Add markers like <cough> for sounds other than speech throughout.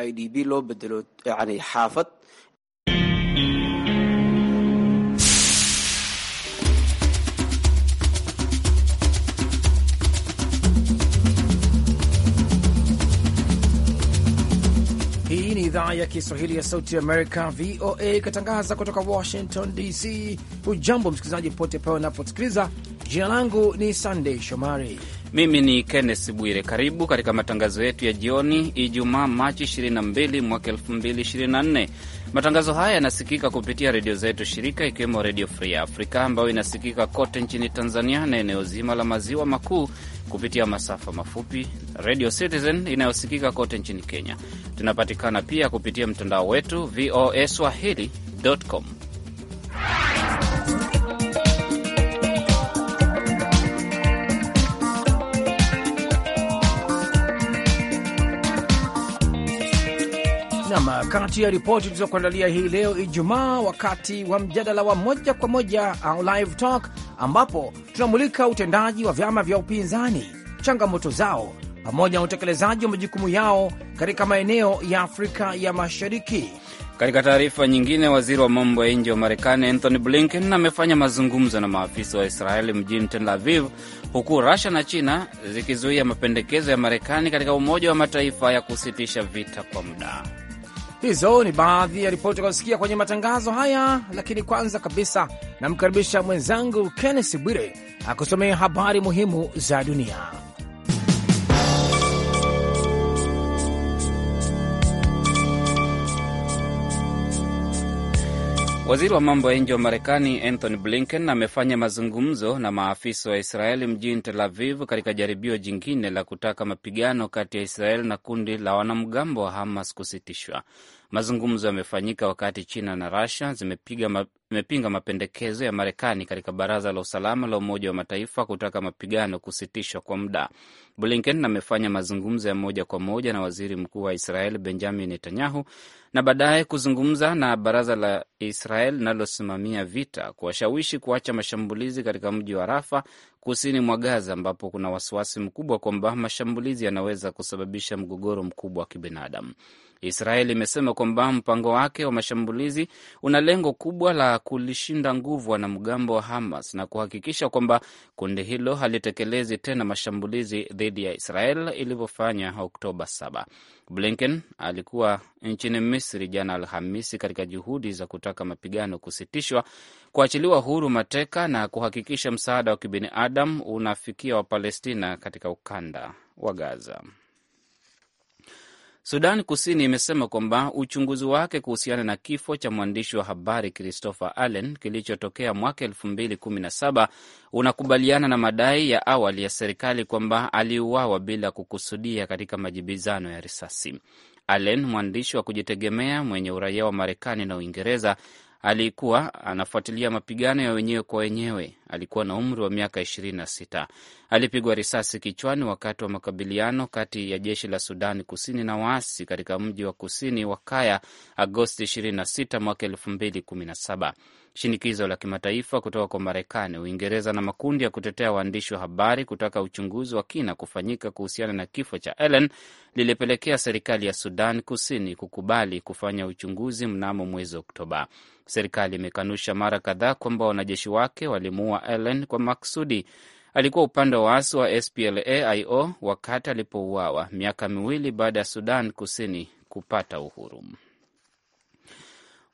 IDB loo bedelo yani xaafad. Hii ni idhaa ya Kiswahili ya Sauti Amerika, VOA, ikatangaza kutoka Washington DC. Hujambo msikilizaji popote pale unaposikiliza. Jina langu ni Sandey Shomari mimi ni Kenneth Bwire. Karibu katika matangazo yetu ya jioni, Ijumaa Machi 22 mwaka 2024. Matangazo haya yanasikika kupitia redio zetu shirika, ikiwemo Redio Free Africa ambayo inasikika kote nchini Tanzania na eneo zima la maziwa makuu kupitia masafa mafupi, Radio Citizen inayosikika kote nchini Kenya. Tunapatikana pia kupitia mtandao wetu voa swahili.com. Nam, kati ya ripoti tulizokuandalia hii leo Ijumaa, wakati wa mjadala wa moja kwa moja au uh, live talk, ambapo tunamulika utendaji wa vyama vya upinzani, changamoto zao, pamoja na utekelezaji wa majukumu yao katika maeneo ya Afrika ya Mashariki. Katika taarifa nyingine, waziri wa mambo ya nje wa Marekani Anthony Blinken amefanya mazungumzo na maafisa wa Israeli mjini Tel Aviv, huku rusia na China zikizuia mapendekezo ya Marekani katika Umoja wa Mataifa ya kusitisha vita kwa muda. Hizo ni baadhi ya ripoti unaosikia kwenye matangazo haya, lakini kwanza kabisa namkaribisha mwenzangu kennes Bwire akusomea habari muhimu za dunia. Waziri wa mambo ya nje wa Marekani Anthony Blinken amefanya mazungumzo na maafisa wa Israeli mjini Tel Aviv katika jaribio jingine la kutaka mapigano kati ya Israeli na kundi la wanamgambo wa Hamas kusitishwa. Mazungumzo yamefanyika wakati China na rusia zimepinga mapendekezo ya Marekani katika Baraza la Usalama la Umoja wa Mataifa kutaka mapigano kusitishwa kwa muda. Blinken amefanya mazungumzo ya moja kwa moja na waziri mkuu wa Israel Benjamin Netanyahu na baadaye kuzungumza na baraza la Israel linalosimamia vita kuwashawishi kuacha mashambulizi katika mji wa Rafa kusini mwa Gaza, ambapo kuna wasiwasi mkubwa kwamba mashambulizi yanaweza kusababisha mgogoro mkubwa wa kibinadamu. Israeli imesema kwamba mpango wake wa mashambulizi una lengo kubwa la kulishinda nguvu wanamgambo wa Hamas na kuhakikisha kwamba kundi hilo halitekelezi tena mashambulizi dhidi ya Israel ilivyofanya Oktoba 7. Blinken alikuwa nchini Misri jana Alhamisi katika juhudi za kutaka mapigano kusitishwa, kuachiliwa huru mateka na kuhakikisha msaada wa kibinadamu unafikia Wapalestina katika ukanda wa Gaza. Sudan Kusini imesema kwamba uchunguzi wake kuhusiana na kifo cha mwandishi wa habari Christopher Allen kilichotokea mwaka 2017 unakubaliana na madai ya awali ya serikali kwamba aliuawa bila kukusudia katika majibizano ya risasi. Allen, mwandishi wa kujitegemea mwenye uraia wa Marekani na Uingereza, alikuwa anafuatilia mapigano ya wenyewe kwa wenyewe alikuwa na umri wa miaka 26. Alipigwa risasi kichwani wakati wa makabiliano kati ya jeshi la Sudani Kusini na waasi katika mji wa kusini wa Kaya Agosti 26 mwaka 2017. Shinikizo la kimataifa kutoka kwa Marekani, Uingereza na makundi ya kutetea waandishi wa habari kutaka uchunguzi wa kina kufanyika kuhusiana na kifo cha Ellen lilipelekea serikali ya Sudan Kusini kukubali kufanya uchunguzi mnamo mwezi Oktoba. Serikali imekanusha mara kadhaa kwamba wanajeshi wake walimuua Allen kwa maksudi. Alikuwa upande wa waasi wa SPLA-IO wakati alipouawa miaka miwili baada ya Sudan Kusini kupata uhuru.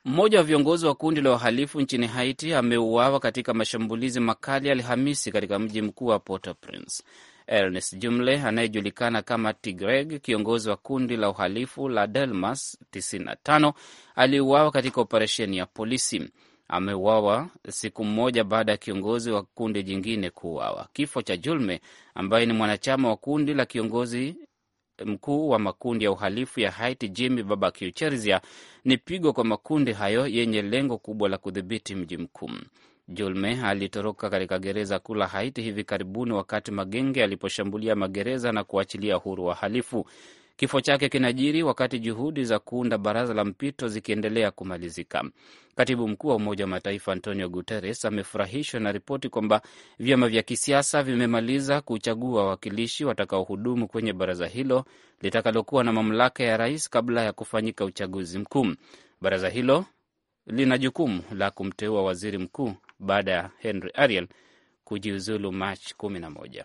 Mmoja wa viongozi wa kundi la uhalifu nchini Haiti ameuawa katika mashambulizi makali Alhamisi katika mji mkuu wa Port-au-Prince. Ernest Jumle anayejulikana kama Tigreg, kiongozi wa kundi la uhalifu la Delmas 95, aliuawa katika operesheni ya polisi ameuawa siku mmoja baada ya kiongozi wa kundi jingine kuuawa. Kifo cha Julme ambaye ni mwanachama wa kundi la kiongozi mkuu wa makundi ya uhalifu ya Haiti Jimmy Babakio ni pigo kwa makundi hayo yenye lengo kubwa la kudhibiti mji mkuu. Julme alitoroka katika gereza kuu la Haiti hivi karibuni wakati magenge aliposhambulia magereza na kuachilia huru wahalifu. Kifo chake kinajiri wakati juhudi za kuunda baraza la mpito zikiendelea kumalizika. Katibu mkuu wa Umoja wa Mataifa Antonio Guterres amefurahishwa na ripoti kwamba vyama vya kisiasa vimemaliza kuchagua wawakilishi watakaohudumu kwenye baraza hilo litakalokuwa na mamlaka ya rais kabla ya kufanyika uchaguzi mkuu. Baraza hilo lina jukumu la kumteua waziri mkuu baada ya Henry Ariel kujiuzulu Machi 11.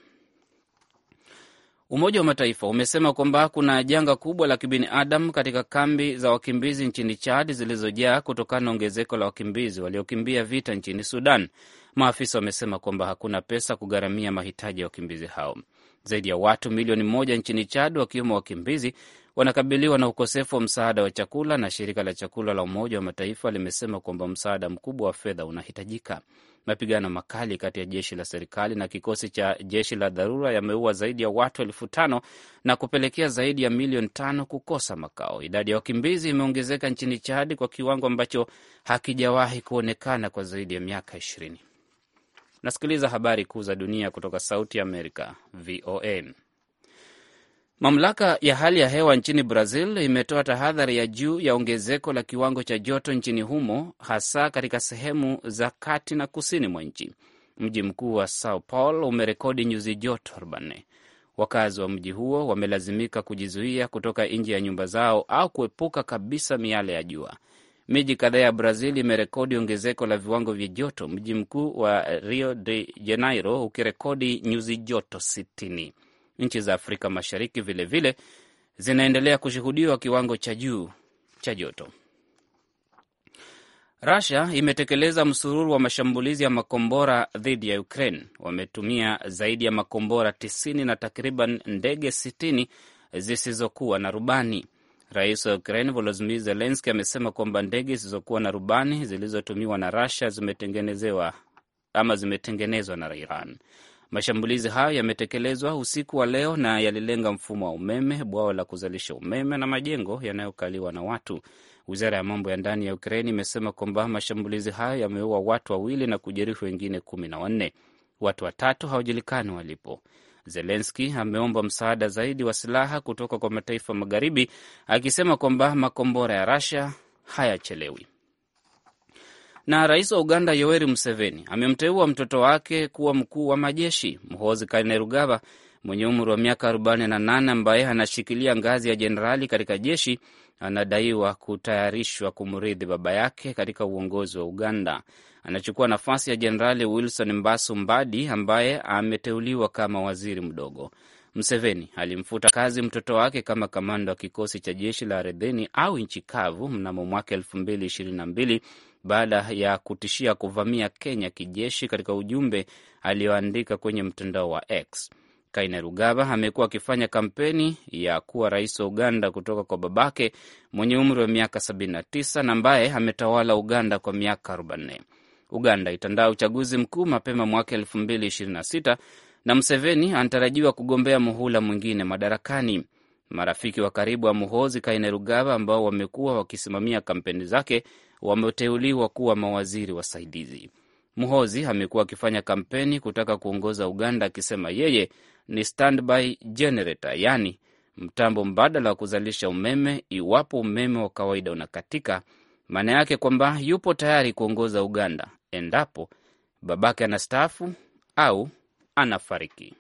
Umoja wa Mataifa umesema kwamba kuna janga kubwa la kibinadamu katika kambi za wakimbizi nchini Chad zilizojaa kutokana na ongezeko la wakimbizi waliokimbia vita nchini Sudan. Maafisa wamesema kwamba hakuna pesa kugharamia mahitaji ya wakimbizi hao. Zaidi ya watu milioni moja nchini Chad, wakiwemo wakimbizi, wanakabiliwa na ukosefu wa msaada wa chakula, na shirika la chakula la Umoja wa Mataifa limesema kwamba msaada mkubwa wa fedha unahitajika. Mapigano makali kati ya jeshi la serikali na kikosi cha jeshi la dharura yameua zaidi ya watu elfu tano na kupelekea zaidi ya milioni tano kukosa makao. Idadi ya wakimbizi imeongezeka nchini Chad kwa kiwango ambacho hakijawahi kuonekana kwa zaidi ya miaka ishirini. Nasikiliza habari kuu za dunia kutoka Sauti ya Amerika, VOA. Mamlaka ya hali ya hewa nchini Brazil imetoa tahadhari ya juu ya ongezeko la kiwango cha joto nchini humo, hasa katika sehemu za kati na kusini mwa nchi. Mji mkuu wa Sao Paulo umerekodi nyuzi joto 40. Wakazi wa mji huo wamelazimika kujizuia kutoka nje ya nyumba zao au kuepuka kabisa miale ya jua. Miji kadhaa ya Brazil imerekodi ongezeko la viwango vya joto, mji mkuu wa Rio de Janeiro ukirekodi nyuzi joto 60. Nchi za Afrika Mashariki vilevile zinaendelea kushuhudiwa kiwango cha juu cha joto. Rusia imetekeleza msururu wa mashambulizi ya makombora dhidi ya Ukraine. Wametumia zaidi ya makombora 90 na takriban ndege 60 zisizokuwa na rubani. Rais wa Ukraine Volodymyr Zelenski amesema kwamba ndege zisizokuwa na rubani zilizotumiwa na Rusia zimetengenezewa ama zimetengenezwa na Iran. Mashambulizi hayo yametekelezwa usiku wa leo na yalilenga mfumo wa umeme, bwawa la kuzalisha umeme na majengo yanayokaliwa na watu. Wizara ya mambo ya ndani ya Ukraini imesema kwamba mashambulizi hayo yameua watu wawili na kujeruhi wengine kumi na wanne. Watu watatu hawajulikani walipo. Zelenski ameomba msaada zaidi wa silaha kutoka kwa mataifa magharibi, akisema kwamba makombora ya Rasia hayachelewi. Na rais wa Uganda Yoweri Museveni amemteua mtoto wake kuwa mkuu wa majeshi. Muhoozi Kainerugaba mwenye umri wa miaka 48 ambaye anashikilia ngazi ya jenerali katika jeshi anadaiwa kutayarishwa kumrithi baba yake katika uongozi wa Uganda. Anachukua nafasi ya jenerali Wilson Mbasu Mbadi ambaye ameteuliwa kama waziri mdogo. Mseveni alimfuta kazi mtoto wake kama kamanda wa kikosi cha jeshi la ardhini au nchi kavu mnamo mwaka elfu mbili ishirini na mbili baada ya kutishia kuvamia Kenya kijeshi katika ujumbe aliyoandika kwenye mtandao wa X. Kainerugaba amekuwa akifanya kampeni ya kuwa rais wa Uganda kutoka kwa babake mwenye umri wa miaka 79 na ambaye ametawala Uganda kwa miaka 4 Uganda itandaa uchaguzi mkuu mapema mwaka 2026 na Mseveni anatarajiwa kugombea muhula mwingine madarakani. Marafiki wa karibu wa Muhozi Kainerugaba ambao wamekuwa wakisimamia kampeni zake wameteuliwa kuwa mawaziri wasaidizi. Mhozi amekuwa akifanya kampeni kutaka kuongoza Uganda akisema yeye ni standby generator, yaani mtambo mbadala wa kuzalisha umeme iwapo umeme wa kawaida unakatika. Maana yake kwamba yupo tayari kuongoza Uganda endapo babake anastaafu au anafariki.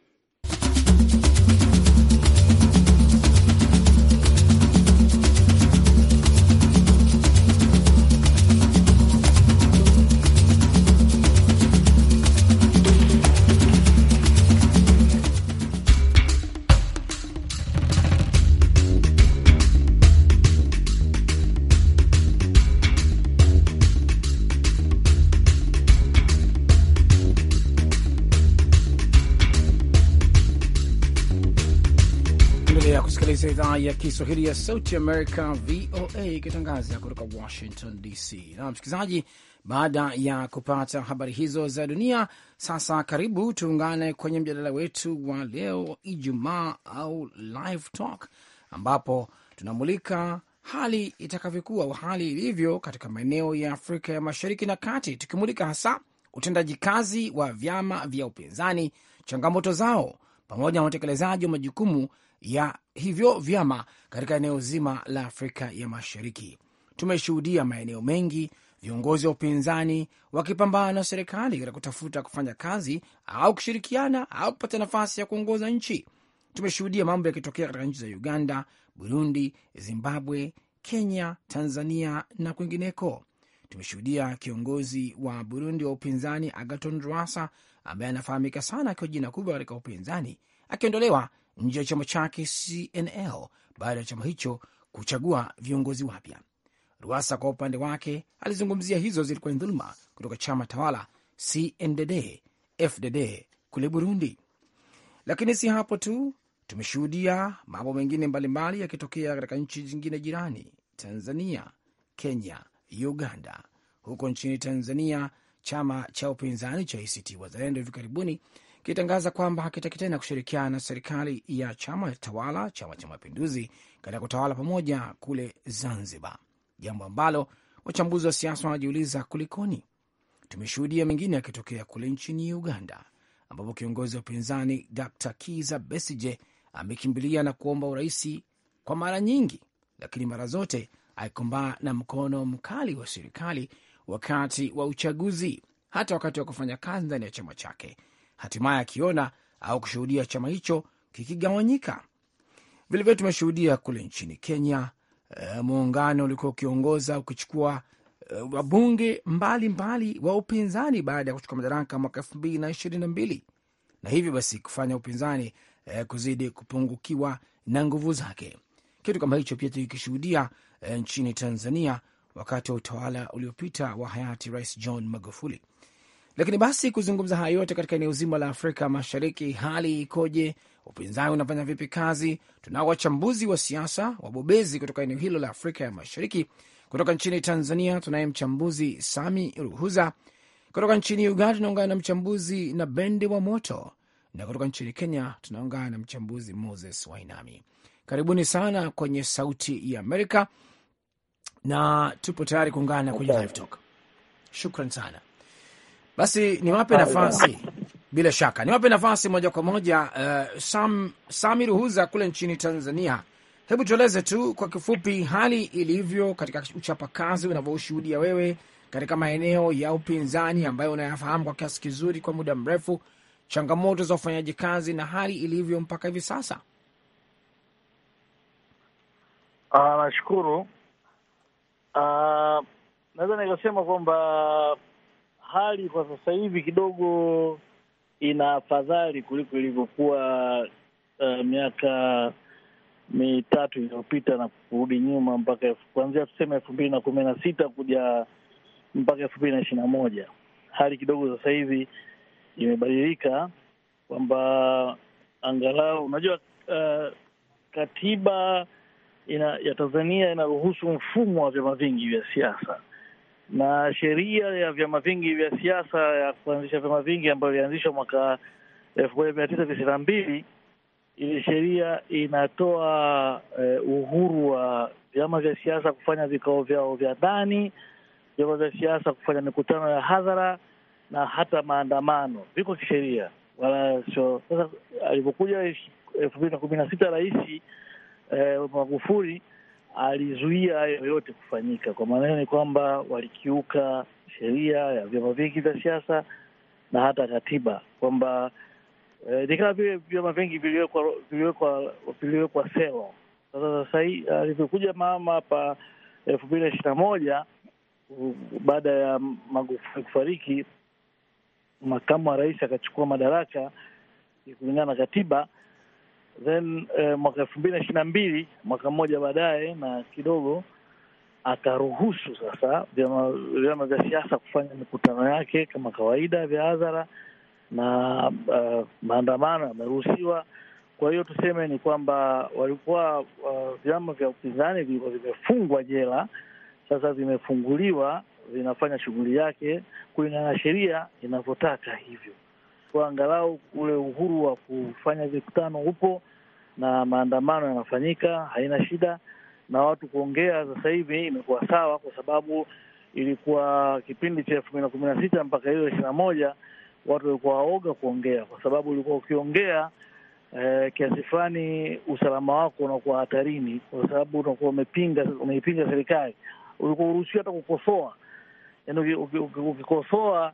unasikiliza idhaa ya Kiswahili ya Sauti Amerika, VOA, ikitangaza kutoka Washington DC. Na msikilizaji, baada ya kupata habari hizo za dunia, sasa karibu tuungane kwenye mjadala wetu wa leo Ijumaa au Live Talk, ambapo tunamulika hali itakavyokuwa au hali ilivyo katika maeneo ya Afrika ya Mashariki na Kati, tukimulika hasa utendaji kazi wa vyama vya upinzani, changamoto zao pamoja na utekelezaji wa majukumu ya hivyo vyama katika eneo zima la Afrika ya Mashariki. Tumeshuhudia maeneo mengi viongozi wa upinzani wakipambana na serikali katika kutafuta kufanya kazi au kushirikiana au kupata nafasi ya kuongoza nchi. Tumeshuhudia mambo yakitokea katika nchi za Uganda, Burundi, Zimbabwe, Kenya, Tanzania na kwingineko. Tumeshuhudia kiongozi wa Burundi wa upinzani Agaton Rwasa ambaye anafahamika sana akiwa jina kubwa katika upinzani akiondolewa nje ya chama chake CNL baada ya chama hicho kuchagua viongozi wapya. Ruasa kwa upande wake alizungumzia hizo zilikuwa ni dhuluma kutoka chama tawala CNDD FDD kule Burundi. Lakini si hapo tu, tumeshuhudia mambo mengine mbalimbali yakitokea katika nchi zingine jirani, Tanzania, Kenya, Uganda. Huko nchini Tanzania, chama cha upinzani cha ACT Wazalendo hivi karibuni kitangaza kwamba hakitaki tena kushirikiana na serikali ya chama tawala, Chama cha Mapinduzi, katika kutawala pamoja kule Zanzibar, jambo ambalo wachambuzi wa siasa wanajiuliza kulikoni. Tumeshuhudia mengine yakitokea kule nchini Uganda, ambapo kiongozi wa upinzani Dr Kiza Besije amekimbilia na kuomba uraisi kwa mara nyingi, lakini mara zote alikumbana na mkono mkali wa serikali wakati wa uchaguzi, hata wakati wa kufanya kazi ndani ya chama chake hatimaye akiona au kushuhudia chama hicho kikigawanyika. Vilevile tumeshuhudia kule nchini Kenya e, muungano ulikuwa ukiongoza ukichukua e, eh, wabunge mbalimbali wa upinzani baada ya kuchukua madaraka mwaka elfu mbili na ishirini na mbili na hivyo basi kufanya upinzani e, kuzidi kupungukiwa na nguvu zake. Kitu kama hicho pia tukishuhudia e, nchini Tanzania wakati wa utawala uliopita wa hayati Rais John Magufuli. Lakini basi kuzungumza haya yote katika eneo zima la Afrika Mashariki, hali ikoje? Upinzani unafanya vipi kazi? Tunao wachambuzi wa siasa wabobezi kutoka eneo hilo la Afrika ya Mashariki. Kutoka nchini Tanzania tunaye mchambuzi Sami Ruhuza, kutoka nchini Uganda tunaungana na mchambuzi na Bende wa Moto, na kutoka nchini Kenya tunaungana na mchambuzi Moses Wainami. Karibuni sana kwenye Sauti ya Amerika na tupo tayari kuungana kwenye Live Talk. Shukran sana. Basi niwape nafasi bila shaka niwape nafasi moja kwa moja uh, Sam, Sami Ruhuza kule nchini Tanzania, hebu tueleze tu kwa kifupi hali ilivyo katika uchapakazi unavyoshuhudia wewe katika maeneo ya upinzani ambayo unayafahamu kwa kiasi kizuri kwa muda mrefu, changamoto za ufanyaji kazi na hali ilivyo mpaka hivi sasa. Ah, nashukuru uh, naweza nikasema kwamba hali kwa sasa hivi kidogo ina afadhali kuliko ilivyokuwa uh, miaka mitatu iliyopita na kurudi nyuma mpaka kuanzia tuseme elfu mbili na kumi na sita kuja mpaka elfu mbili na ishirini na moja hali kidogo sasa hivi imebadilika kwamba angalau unajua uh, katiba ina, ya Tanzania inaruhusu mfumo wa vyama vingi vya siasa na sheria ya vyama vingi vya siasa ya kuanzisha vyama vingi ambayo ilianzishwa mwaka elfu moja mia tisa tisini na mbili. ili sheria inatoa eh, uhuru wa vyama vya siasa kufanya vikao vyao vya ndani, vyama vya siasa kufanya mikutano ya hadhara na hata maandamano, viko kisheria wala sio. Sasa alivyokuja elfu mbili na kumi na sita rahisi eh, Magufuli alizuia hayo yote kufanyika. Kwa maana hiyo ni kwamba walikiuka sheria ya vyama vingi vya siasa na hata katiba, kwamba eh, ni kama vile vyama vingi viliwekwa sera. Sasa sasa hii alivyokuja ah, mama hapa elfu mbili na ishirini na moja baada ya Magufuli kufariki, makamu wa rais akachukua madaraka kulingana na katiba then eh, mwaka elfu mbili na ishirini na mbili mwaka mmoja baadaye na kidogo akaruhusu sasa vyama vya siasa kufanya mikutano yake kama kawaida vya hadhara na uh, maandamano yameruhusiwa. Kwa hiyo tuseme ni kwamba walikuwa uh, vyama vya upinzani vilikuwa vimefungwa jela, sasa vimefunguliwa, vinafanya shughuli yake kulingana na sheria inavyotaka hivyo kwa angalau ule uhuru wa kufanya mikutano upo na maandamano yanafanyika, haina shida. Na watu kuongea sasa hivi imekuwa sawa, kwa sababu ilikuwa kipindi cha elfu mbili na kumi na sita mpaka hiyo ishirini na moja watu walikuwa waoga kuongea, kwa sababu ulikuwa ukiongea eh, kiasi fulani usalama wako unakuwa hatarini, kwa sababu unakuwa umepinga, umeipinga serikali. Ulikuwa uruhusiwa hata kukosoa, yaani ukikosoa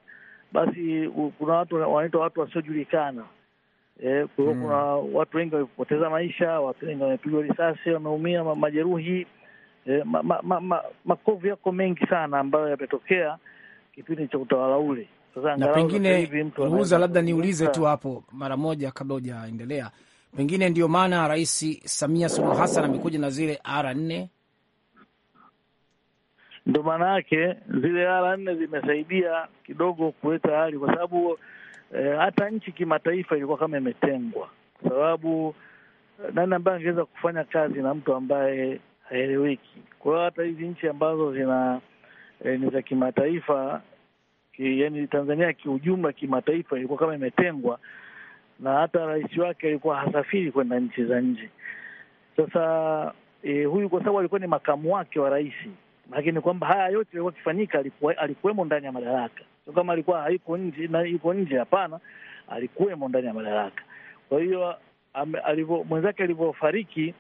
basi kuna watu wanaitwa watu wasiojulikana. E, kuna mm, watu wengi wamepoteza maisha, watu wengi wamepigwa risasi, wameumia majeruhi. E, ma, ma, ma, ma, makovu yako mengi sana ambayo yametokea kipindi cha utawala ule. Sasa na pengine uza labda niulize tu hapo mara moja kabla hujaendelea, pengine ndio maana Rais Samia Suluhu Hassan amekuja na zile R nne Ndo maana yake zile ara nne zimesaidia kidogo kuleta hali, kwa sababu e, hata nchi kimataifa ilikuwa kama imetengwa, kwa sababu eh, nani ambaye angeweza kufanya kazi na mtu ambaye haeleweki? Kwa hiyo hata hizi nchi ambazo zina e, ni za kimataifa ki, yani Tanzania kiujumla kimataifa ilikuwa kama imetengwa, na hata rais wake alikuwa hasafiri kwenda nchi za nje. Sasa e, huyu kwa sababu alikuwa ni makamu wake wa rais lakini kwamba haya yote yalikuwa akifanyika, alikuwemo ndani ya madaraka, sio kama alikuwa hayuko nje na yuko nje. Hapana, alikuwemo ndani ya madaraka. Kwa hiyo mwenzake alivyofariki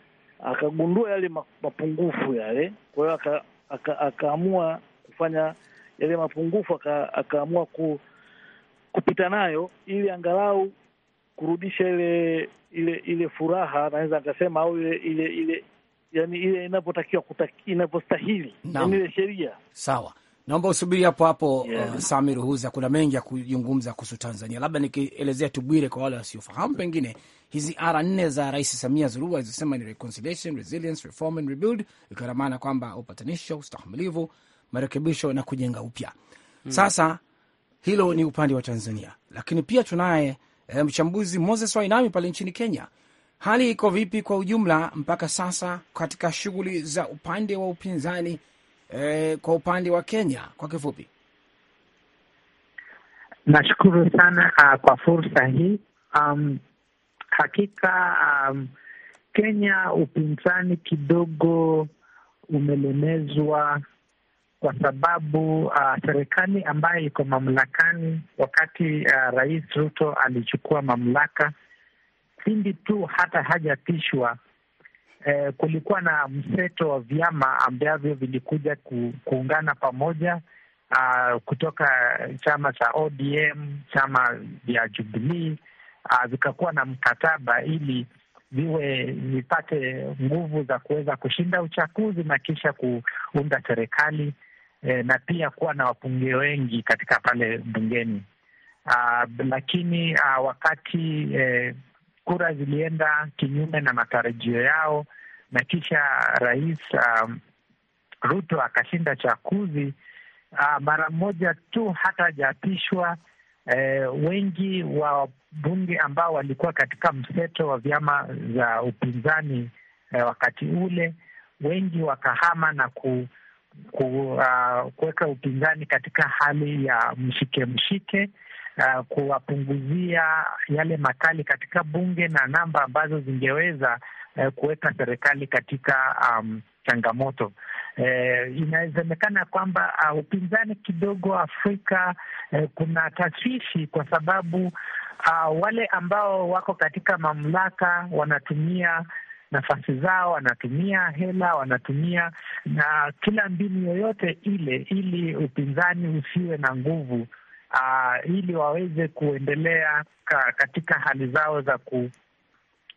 akagundua yale mapungufu yale, kwa hiyo aka, aka, akaamua kufanya yale mapungufu aka, akaamua ku, kupita nayo ili angalau kurudisha ile ile ile furaha, naweza akasema au ile ile ile yani ile inapotakiwa inavyostahili yani ile sheria sawa. Naomba usubiri hapo hapo, uh, yeah. Uh, Sami Ruhuza, kuna mengi ya kuzungumza kuhusu Tanzania, labda nikielezea tu Bwire kwa wale wasiofahamu pengine hizi ara nne za Rais Samia Suluhu alizosema ni reconciliation, resilience, reform and rebuild, ikiwa na maana kwamba upatanisho, ustahimilivu, marekebisho na kujenga upya. Hmm. Sasa hilo ni upande wa Tanzania, lakini pia tunaye eh, mchambuzi Moses Wainami pale nchini Kenya hali iko vipi kwa ujumla mpaka sasa katika shughuli za upande wa upinzani e, kwa upande wa Kenya? Kwa kifupi, nashukuru sana uh, kwa fursa hii um, hakika um, Kenya upinzani kidogo umelemezwa kwa sababu uh, serikali ambayo iko mamlakani wakati uh, Rais Ruto alichukua mamlaka pindi tu hata hajapishwa eh, kulikuwa na mseto wa vyama ambavyo vilikuja ku, kuungana pamoja uh, kutoka chama cha ODM, chama vya Jubilii uh, ah, vikakuwa na mkataba ili viwe vipate nguvu za kuweza kushinda uchaguzi na kisha kuunda serikali eh, na pia kuwa na wabunge wengi katika pale bungeni. Uh, lakini uh, wakati eh, kura zilienda kinyume na matarajio yao, na kisha rais um, Ruto akashinda chaguzi uh, mara moja tu hata hajaapishwa. Eh, wengi wa wabunge ambao walikuwa katika mseto wa vyama za upinzani eh, wakati ule wengi wakahama na ku, ku, uh, kuweka upinzani katika hali ya mshike mshike uh, kuwapunguzia yale makali katika bunge na namba ambazo zingeweza uh, kuweka serikali katika um, changamoto. Uh, inawezekana kwamba uh, upinzani kidogo Afrika uh, kuna tashwishi kwa sababu uh, wale ambao wako katika mamlaka wanatumia nafasi zao, wanatumia hela, wanatumia na kila mbinu yoyote ile ili upinzani usiwe na nguvu uh, ili waweze kuendelea ka, katika hali zao za ku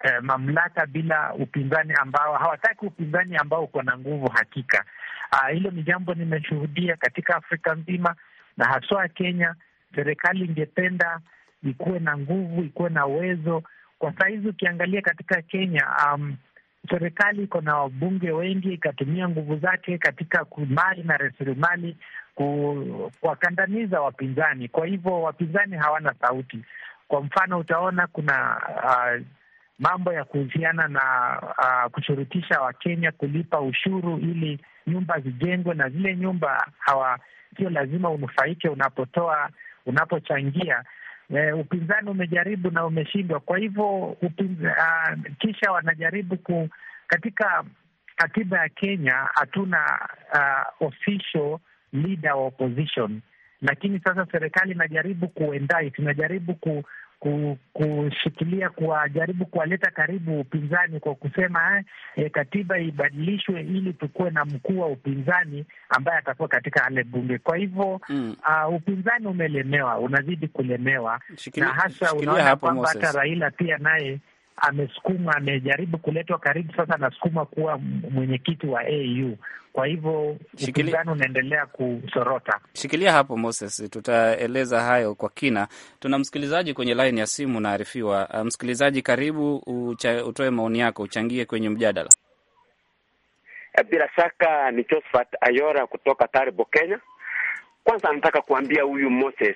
eh, mamlaka bila upinzani ambao hawataki upinzani ambao uko na nguvu hakika. Uh, hilo ni jambo nimeshuhudia katika Afrika nzima na haswa Kenya. Serikali ingependa ikuwe na nguvu, ikuwe na uwezo. Kwa sahizi ukiangalia katika Kenya, um, serikali iko na wabunge wengi, ikatumia nguvu zake katika mali na rasilimali kuwakandamiza wapinzani. Kwa hivyo wapinzani hawana sauti. Kwa mfano, utaona kuna uh, mambo ya kuhusiana na uh, kushurutisha Wakenya kulipa ushuru ili nyumba zijengwe, na zile nyumba hawa sio lazima unufaike unapotoa unapochangia. E, upinzani umejaribu na umeshindwa. Kwa hivyo uh, kisha wanajaribu ku, katika katiba ya Kenya hatuna uh, official leader wa opposition, lakini sasa serikali inajaribu kuendai, tunajaribu ku, ku, kushikilia kuwajaribu kuwaleta karibu upinzani kwa kusema eh, eh katiba ibadilishwe ili tukuwe na mkuu wa upinzani ambaye atakuwa katika ale bunge. Kwa hivyo mm, uh, upinzani umelemewa, unazidi kulemewa Shikili, na hasa unaona kwamba hata Raila pia naye amesukuma, amejaribu kuletwa karibu, sasa anasukuma kuwa mwenyekiti wa AU. Kwa hivyo upinzani unaendelea kusorota. Shikilia hapo Moses, tutaeleza hayo kwa kina. Tuna msikilizaji kwenye laini ya simu, naarifiwa. Uh, msikilizaji, karibu ucha, utoe maoni yako, uchangie kwenye mjadala. Eh, bila shaka ni Josephat Ayora kutoka Taribo, Kenya. Kwanza anataka kuambia huyu Moses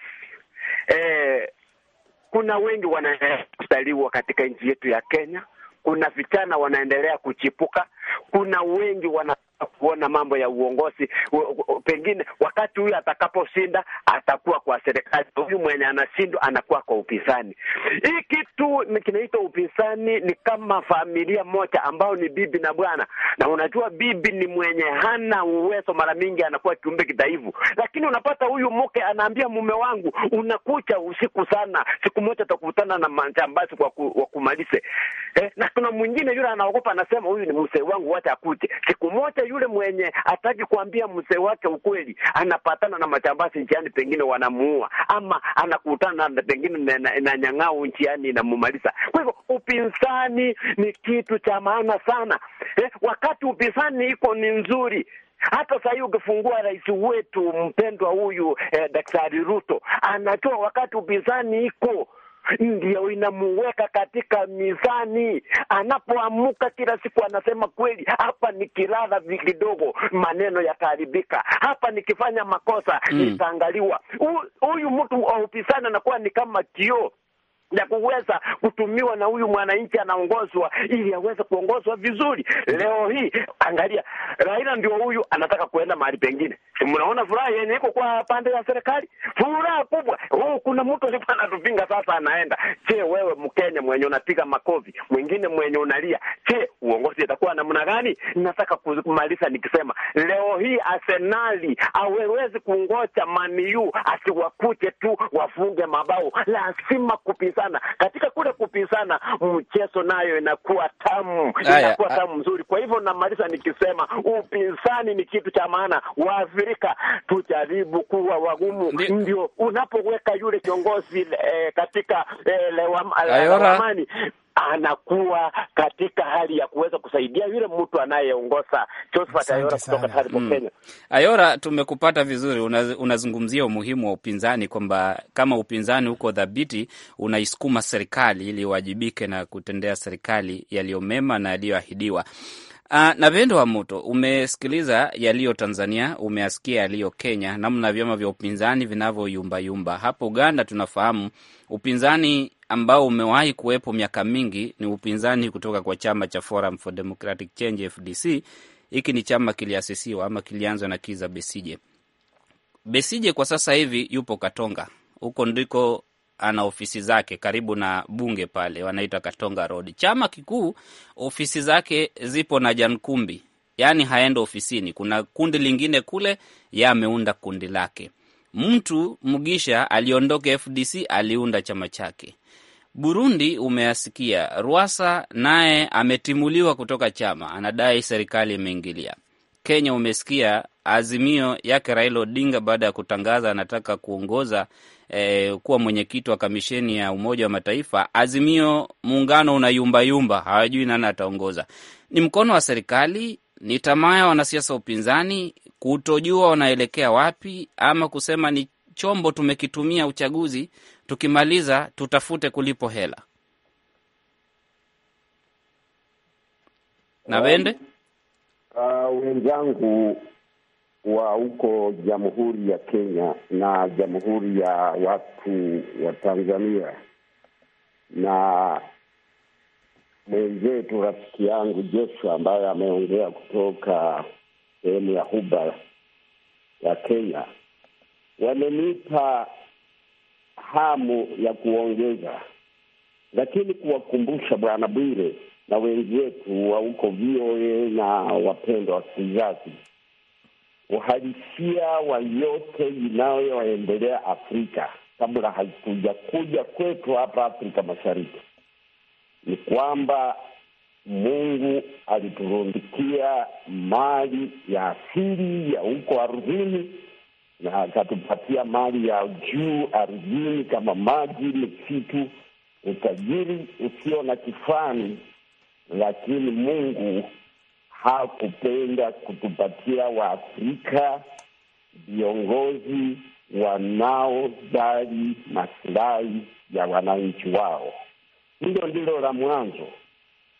eh, kuna wengi wanaendelea kustaliwa katika nchi yetu ya Kenya. Kuna vijana wanaendelea kuchipuka, kuna wengi wana kuona mambo ya uongozi. Pengine wakati huyu atakaposhinda atakuwa kwa serikali, huyu mwenye anashindwa anakuwa kwa upinzani. Hii kitu kitu kinaitwa upinzani ni kama familia moja ambao ni bibi na bwana, na unajua bibi ni mwenye hana uwezo, mara mingi anakuwa kiumbe kidhaifu, lakini unapata huyu mke anaambia mume wangu, unakucha usiku sana, siku moja utakutana na majambazi kwa ku, kumalize eh, na kuna mwingine yule anaogopa, anasema huyu ni mzee wangu, wacha akute. Siku moja yule mwenye ataki kuambia mzee wake ukweli anapatana na majambazi njiani, pengine wanamuua ama anakutana pengine na, na, na, na nyang'au njiani na mu kumumaliza. Kwa hivyo upinzani ni kitu cha maana sana eh, wakati upinzani iko ni nzuri hata sahii ukifungua rais wetu mpendwa huyu eh, Daktari Ruto anajua wakati upinzani iko ndio inamuweka katika mizani. Anapoamuka kila siku anasema kweli, hapa nikilala kidogo maneno yataharibika, hapa nikifanya makosa mm, itaangaliwa. Huyu mtu wa upinzani anakuwa ni kama kioo ya kuweza kutumiwa na huyu mwananchi anaongozwa, ili aweze kuongozwa vizuri. Leo hii angalia, Raila ndio huyu anataka kuenda mahali pengine. Mnaona furaha yenye iko kwa pande ya serikali, furaha kubwa. Oh, kuna mtu alikuwa anatupinga, sasa anaenda. che wewe Mkenya mwenye unapiga makofi, mwingine mwenye unalia, che uongozi itakuwa namna gani? Nataka kumaliza nikisema leo hii Arsenali awewezi kungoja Maniu asiwakuche asiwakute tu wafunge mabao, lazima kupi kupinzana. Katika kule kupinzana, mchezo nayo inakuwa tamu, inakuwa tamu mzuri. Kwa hivyo namaliza nikisema upinzani ni kitu cha maana. Waafrika tujaribu kuwa wagumu, ndio unapoweka yule kiongozi eh, katika eh, lewamani anakuwa katika hali ya kuweza kusaidia yule mtu anayeongoza Josephat Ayora kutoka tayari mm. Kenya. Ayora, tumekupata vizuri. Unaz, unazungumzia umuhimu wa upinzani kwamba kama upinzani uko dhabiti unaisukuma serikali ili iwajibike na kutendea serikali yaliyo mema na yaliyoahidiwa. Uh, na vendo wa Moto, umesikiliza yaliyo Tanzania, umeasikia yaliyo Kenya, namna vyama vya upinzani vinavyoyumbayumba. Hapo Uganda tunafahamu upinzani ambao umewahi kuwepo miaka mingi ni upinzani kutoka kwa chama cha Forum for Democratic Change, FDC. Hiki ni chama kiliasisiwa ama kilianzwa na Kiza Besije. Besije kwa sasa hivi yupo Katonga, huko ndiko ana ofisi zake karibu na bunge pale, wanaita Katonga Road. Chama kikuu ofisi zake zipo na Jankumbi, yaani haenda ofisini. Kuna kundi lingine kule, ye ameunda kundi lake. Mtu Mugisha aliondoka FDC, aliunda chama chake. Burundi umeasikia Rwasa naye ametimuliwa kutoka chama, anadai serikali imeingilia. Kenya umesikia azimio yake Raila Odinga baada ya kutangaza anataka kuongoza eh, kuwa mwenyekiti wa kamisheni ya Umoja wa Mataifa. Azimio muungano unayumbayumba, hawajui nani ataongoza. Ni mkono wa serikali? Ni tamaa ya wanasiasa wa upinzani kutojua wanaelekea wapi, ama kusema ni chombo tumekitumia uchaguzi tukimaliza tutafute kulipo hela na wende uh, wenzangu wa huko Jamhuri ya Kenya na Jamhuri ya watu wa Tanzania na mwenzetu rafiki yangu jesu ambaye ameongea kutoka sehemu ya huba ya Kenya wamenipa hamu ya kuongeza, lakini kuwakumbusha Bwana Bwire na wenzetu wa huko VOA na wapendwa wasikilizaji, uhalisia wa yote inayoendelea Afrika kabla haikuja kuja kwetu hapa Afrika Mashariki ni kwamba Mungu aliturundikia mali ya asili ya huko ardhini na akatupatia mali ya juu ardhini kama maji, misitu, utajiri usio na kifani, lakini Mungu hakupenda kutupatia Waafrika viongozi wanaojali masilahi ya wananchi wao. Hilo ndilo la mwanzo.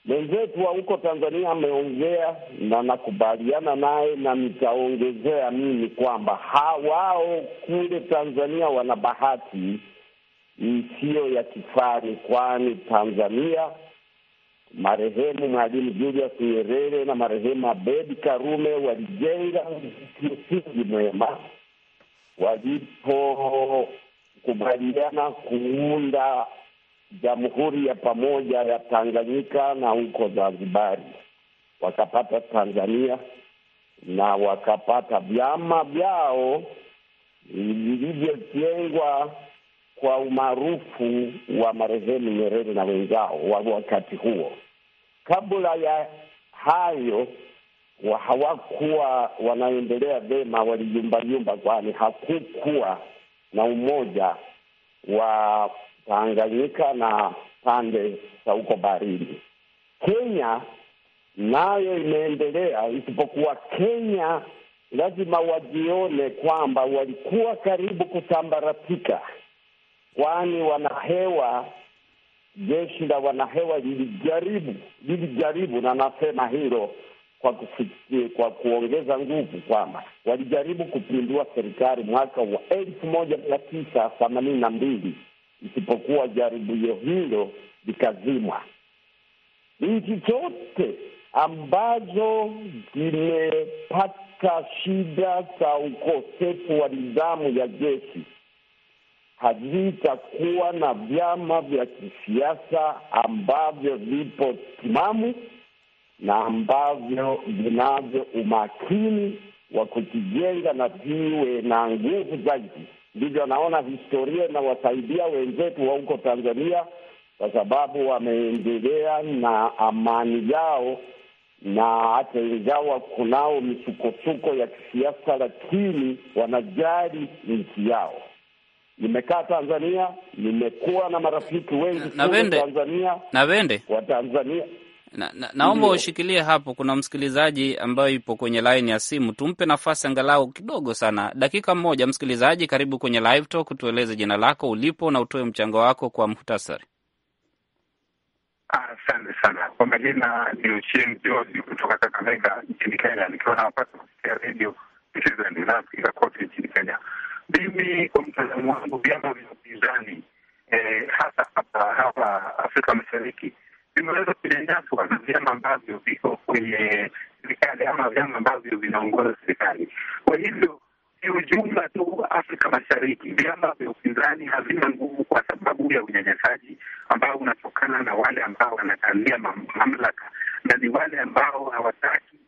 Mwenzetu wa huko Tanzania ameongea na nakubaliana naye, na nitaongezea mimi kwamba hawao kule Tanzania wana bahati isiyo ya kifani, kwani Tanzania marehemu Mwalimu Julius Nyerere na marehemu Abedi Karume walijenga msingi mwema walipokubaliana kuunda jamhuri ya pamoja ya Tanganyika na huko Zanzibari, wakapata Tanzania na wakapata vyama vyao vilivyojengwa kwa umaarufu wa marehemu Nyerere na wenzao wa wakati huo. Kabla ya hayo wa hawakuwa wanaendelea vyema, waliyumbayumba, kwani hakukuwa na umoja wa Tanganyika na pande za huko baharini. Kenya nayo imeendelea, isipokuwa Kenya lazima wajione kwamba walikuwa karibu kusambaratika, kwani wanahewa, jeshi la wanahewa lilijaribu lilijaribu, na nasema hilo kwa kwa kuongeza nguvu kwamba walijaribu kupindua serikali mwaka wa elfu moja mia tisa themanini na mbili isipokuwa jaribio hilo likazimwa. Nchi zote ambazo zimepata shida za ukosefu wa nidhamu ya jeshi hazitakuwa na vyama vya kisiasa ambavyo vipo timamu na ambavyo vinavyo umakini wa kukijenga na viwe na nguvu zaidi ndivyo naona historia inawasaidia wenzetu wa huko Tanzania, kwa sababu wameendelea na amani yao, na hata ingawa kunao misukosuko ya kisiasa, lakini wanajali nchi yao. Nimekaa Tanzania, nimekuwa na marafiki wengi na, na Tanzania na wende wa Tanzania na, na, naomba ushikilie hapo. Kuna msikilizaji ambayo ipo kwenye laini ya simu, tumpe nafasi angalau kidogo sana, dakika moja. Msikilizaji, karibu kwenye live talk, tueleze jina lako, ulipo na utoe mchango wako kwa muhtasari. Asante ah, sana kwa majina ni Ochieng George kutoka Kakamega nchini Kenya, nikiwa nawapata kupitia redio michezo endelea kote nchini Kenya. Mimi kwa mtazamo wangu, vyama vya upinzani eh, hasa hapa Afrika Mashariki vimeweza kunyanyaswa na vyama ambavyo viko kwenye serikali ama vyama ambavyo vinaongoza serikali. Kwa hivyo kiujumla tu Afrika Mashariki, vyama vya upinzani havina nguvu kwa sababu ya unyanyasaji ambao unatokana na wale ambao wanakalia mamlaka na ni wale ambao hawataki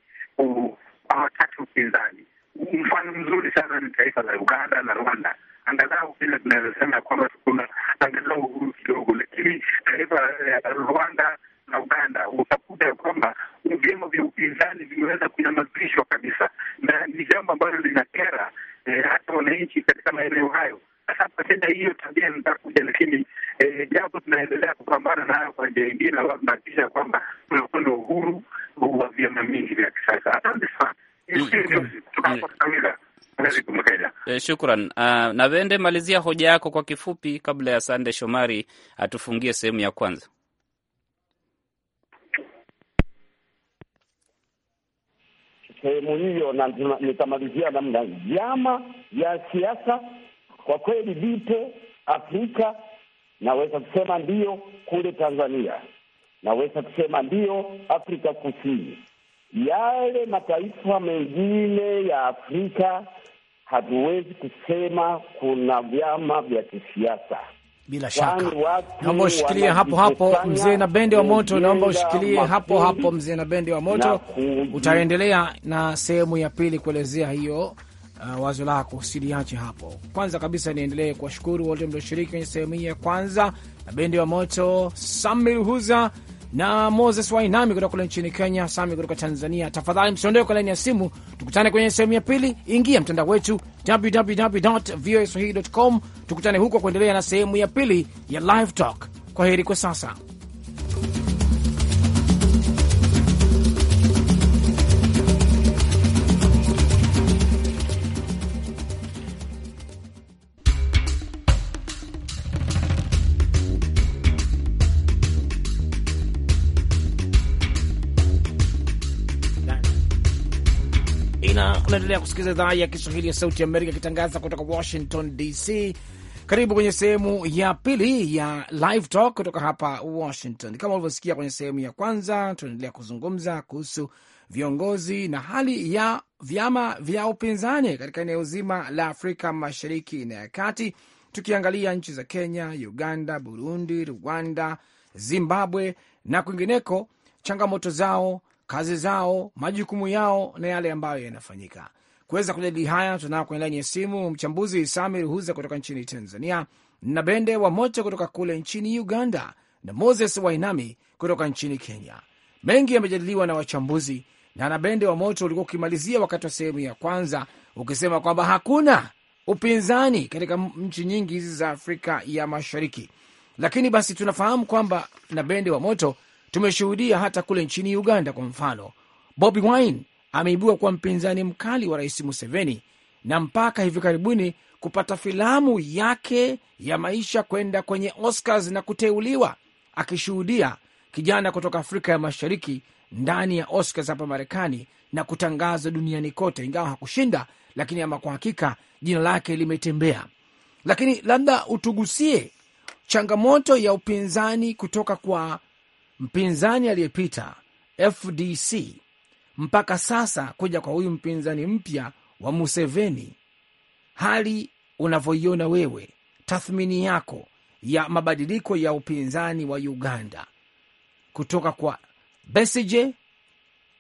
hawataki upinzani. Mfano mzuri sana ni taifa la Uganda na Rwanda angalau vile tunawezasema kwamba kuna angalau uhuru kidogo, lakini taifa ya Rwanda na Uganda utakuta ya kwamba vyama vya upinzani vimeweza kunyamazishwa kabisa, na ni jambo ambalo linakera eh, hata wananchi katika maeneo hayo. Hapa tena hiyo tabia nitakuja, lakini eh, jambo tunaendelea kupambana nayo kwa njia ingine, au tunahakikisha kwamba tunakwenda uhuru wa vyama mingi vya kisasa. Asante sana. Eh, shukran. Uh, ah, na Vende, malizia hoja yako kwa kifupi kabla ya Sande Shomari atufungie sehemu ya kwanza. Sehemu hiyo nitamalizia namna vyama vya siasa kwa kweli vipo Afrika, naweza kusema ndiyo kule Tanzania, naweza kusema ndiyo Afrika Kusini. Yale mataifa mengine ya Afrika hatuwezi kusema kuna vyama vya kisiasa bila shaka naomba ushikilie hapo hapo, mzee na bende wa moto. Naomba ushikilie hapo hapo, mzee na bende wa moto. Utaendelea na sehemu ya pili kuelezea hiyo uh, wazo lako, usiliache hapo. Kwanza kabisa niendelee kuwashukuru wote mlioshiriki kwenye sehemu hii ya kwanza, na bende wa moto, samil Huza na Moses Wainami kutoka kule nchini Kenya, Sami kutoka Tanzania. Tafadhali msiondoe kwa laini ya simu, tukutane kwenye sehemu ya pili. Ingia mtandao wetu www tukutane huko kuendelea na sehemu ya pili ya Live Talk. Kwa heri kwa sasa. Unaendelea kusikiliza idhaa ya Kiswahili ya Sauti ya Amerika ikitangaza kutoka Washington DC. Karibu kwenye sehemu ya pili ya Live Talk kutoka hapa Washington. Kama ulivyosikia kwenye sehemu ya kwanza, tunaendelea kuzungumza kuhusu viongozi na hali ya vyama vya upinzani katika eneo zima la Afrika Mashariki na ya Kati, tukiangalia nchi za Kenya, Uganda, Burundi, Rwanda, Zimbabwe na kwingineko, changamoto zao kazi zao, majukumu yao na yale ambayo yanafanyika. Kuweza kujadili haya, tunao kwenye laini ya simu mchambuzi Samir Huza kutoka nchini Tanzania, na Bende wa Moto kutoka kule nchini Uganda na Moses Wainami kutoka nchini Kenya. Mengi yamejadiliwa na wachambuzi na na Bende wa Moto, ulikuwa ukimalizia wakati wa sehemu ya kwanza ukisema kwamba hakuna upinzani katika nchi nyingi hizi za Afrika ya Mashariki, lakini basi tunafahamu kwamba na Bende wa Moto Tumeshuhudia hata kule nchini Uganda. Kwa mfano, Bobi Wine ameibuka kuwa mpinzani mkali wa Rais Museveni na mpaka hivi karibuni kupata filamu yake ya maisha kwenda kwenye Oscars na kuteuliwa akishuhudia kijana kutoka Afrika ya Mashariki ndani ya Oscars hapa Marekani na kutangazwa duniani kote, ingawa hakushinda, lakini ama kwa hakika jina lake limetembea. Lakini labda utugusie changamoto ya upinzani kutoka kwa mpinzani aliyepita FDC mpaka sasa kuja kwa huyu mpinzani mpya wa Museveni, hali unavyoiona wewe, tathmini yako ya mabadiliko ya upinzani wa Uganda kutoka kwa Besigye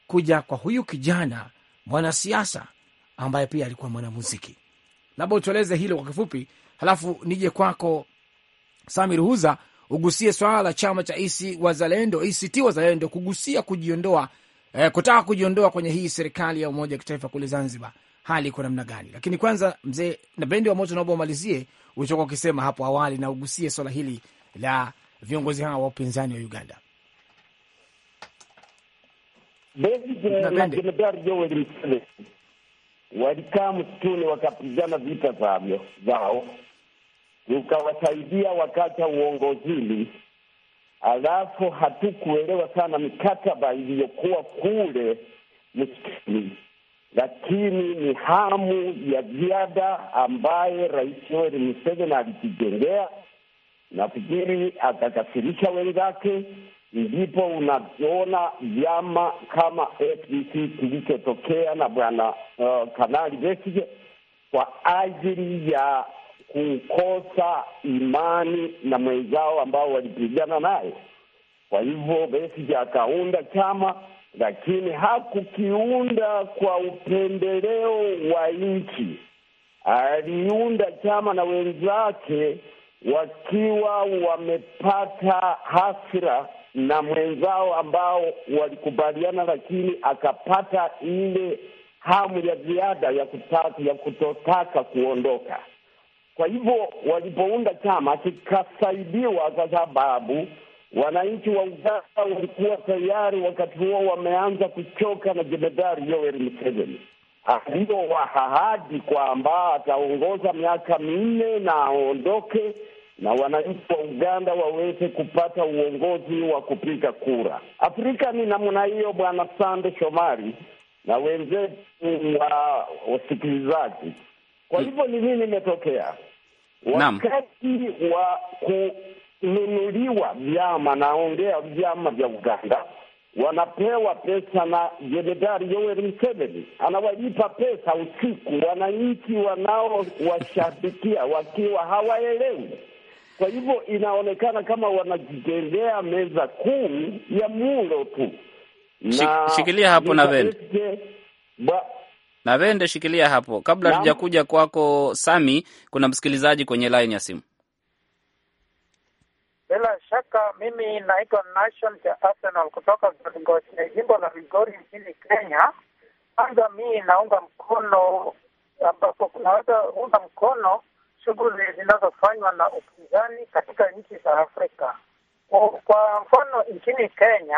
kuja kwa huyu kijana mwanasiasa ambaye pia alikuwa mwanamuziki, labda utueleze hilo kwa kifupi, halafu nije kwako Samir Huza ugusie swala la chama cha isi e Wazalendo, ACT e Wazalendo kugusia kujiondoa, eh, kutaka kujiondoa kwenye hii serikali ya umoja wa kitaifa kule Zanzibar, hali iko namna gani? Lakini kwanza mzee na bendi wa moto, naomba umalizie ulichokuwa ukisema hapo awali na ugusie swala hili la viongozi hawa wa upinzani wa Uganda. David na Museveni walikaa msituni wakapigana vita zavyo zao nikawasaidia wakati wa uongozini, alafu hatukuelewa sana mikataba iliyokuwa kule msikini lakini ni hamu ya ziada ambaye Rais Yoweri Museveni alijijengea. Nafikiri akakasirisha wenzake, ndipo unaona vyama kama FDC kilichotokea na bwana uh, Kanali Besigye kwa ajili ya kukosa imani na mwenzao ambao walipigana naye. Kwa hivyo Besigye akaunda chama, lakini hakukiunda kwa upendeleo wa nchi. Aliunda chama na wenzake wakiwa wamepata hasira na mwenzao ambao walikubaliana, lakini akapata ile hamu ya ziada ya kutaka ya kutotaka kuondoka. Kwa hivyo walipounda chama kikasaidiwa, kwa sababu wananchi wa Uganda walikuwa tayari wakati huo wameanza kuchoka na jemedari Yoweri Museveni aliyowahahadi ah, kwamba ataongoza miaka minne na aondoke na wananchi wa Uganda waweze kupata uongozi wa kupiga kura. Afrika ni namna hiyo, Bwana Sande Shomari na wenzetu wa wasikilizaji kwa hivyo ni nini imetokea? Wakati wa kununuliwa vyama, naongea vyama vya Uganda, wanapewa pesa na Jenerali Yoweri Museveni, anawalipa pesa usiku wananchi wanaowashabikia wakiwa hawaelewi. Kwa hivyo inaonekana kama wanajitendea meza kuu ya mulo tu. Shikilia hapo na vende na vende, shikilia hapo kabla hatujakuja kwako Sami. Kuna msikilizaji kwenye line ya simu. Bila shaka, mimi naitwa Nation ya Arsenal kutoka jimbo la Migori nchini Kenya. Kwanza mii naunga mkono ambapo kunaweza unga mkono shughuli zinazofanywa na upinzani katika nchi za Afrika. Kwa mfano nchini Kenya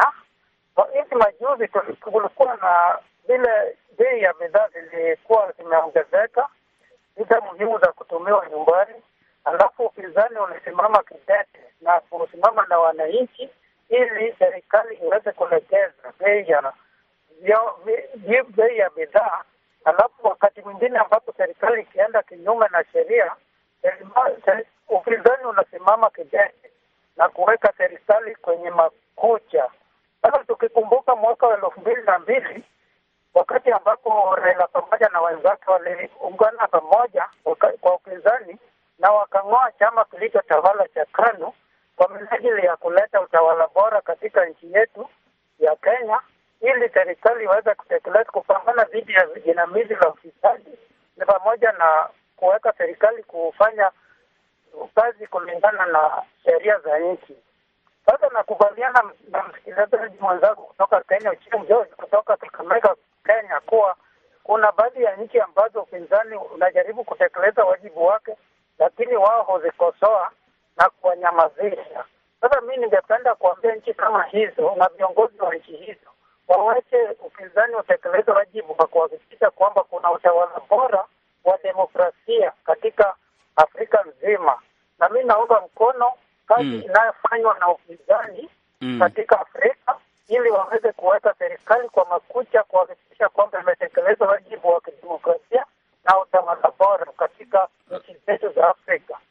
hivi majuzi kulikuwa na vile bei ya bidhaa zilikuwa zimeongezeka, vita muhimu za kutumiwa nyumbani, alafu upinzani unasimama kidete na kusimama na wananchi ili serikali iweze kulegeza bei ya bei ya bidhaa. Alafu wakati mwingine ambapo serikali ikienda kinyume na sheria, upinzani unasimama kidete na kuweka serikali kwenye makucha. Sasa tukikumbuka mwaka wa elfu mbili na mbili wakati ambapo Raila pamoja na wenzake waliungana pamoja kwa upinzani na wakang'oa chama kilichotawala cha KANU kwa minajili ya kuleta utawala bora katika nchi yetu ya Kenya, ili serikali iweze kutekeleza kupambana dhidi ya jinamizi la ufisadi, ni pamoja na kuweka serikali kufanya kazi kulingana na sheria za nchi. Sasa nakubaliana na msikilizaji mwenzangu kutoka Kenya, Ochieng George kutoka Kakamega baadhi ya nchi ambazo upinzani unajaribu kutekeleza wajibu wake, lakini wao huzikosoa na kuwanyamazisha. Sasa mi ningependa kuambia nchi kama hizo na viongozi wa nchi hizo wawache upinzani utekeleze wajibu wa kuhakikisha kwamba kuna utawala bora wa demokrasia katika Afrika nzima, na mi naunga mkono kazi mm. inayofanywa na upinzani mm. katika Afrika ili waweze kuweka serikali kwa makucha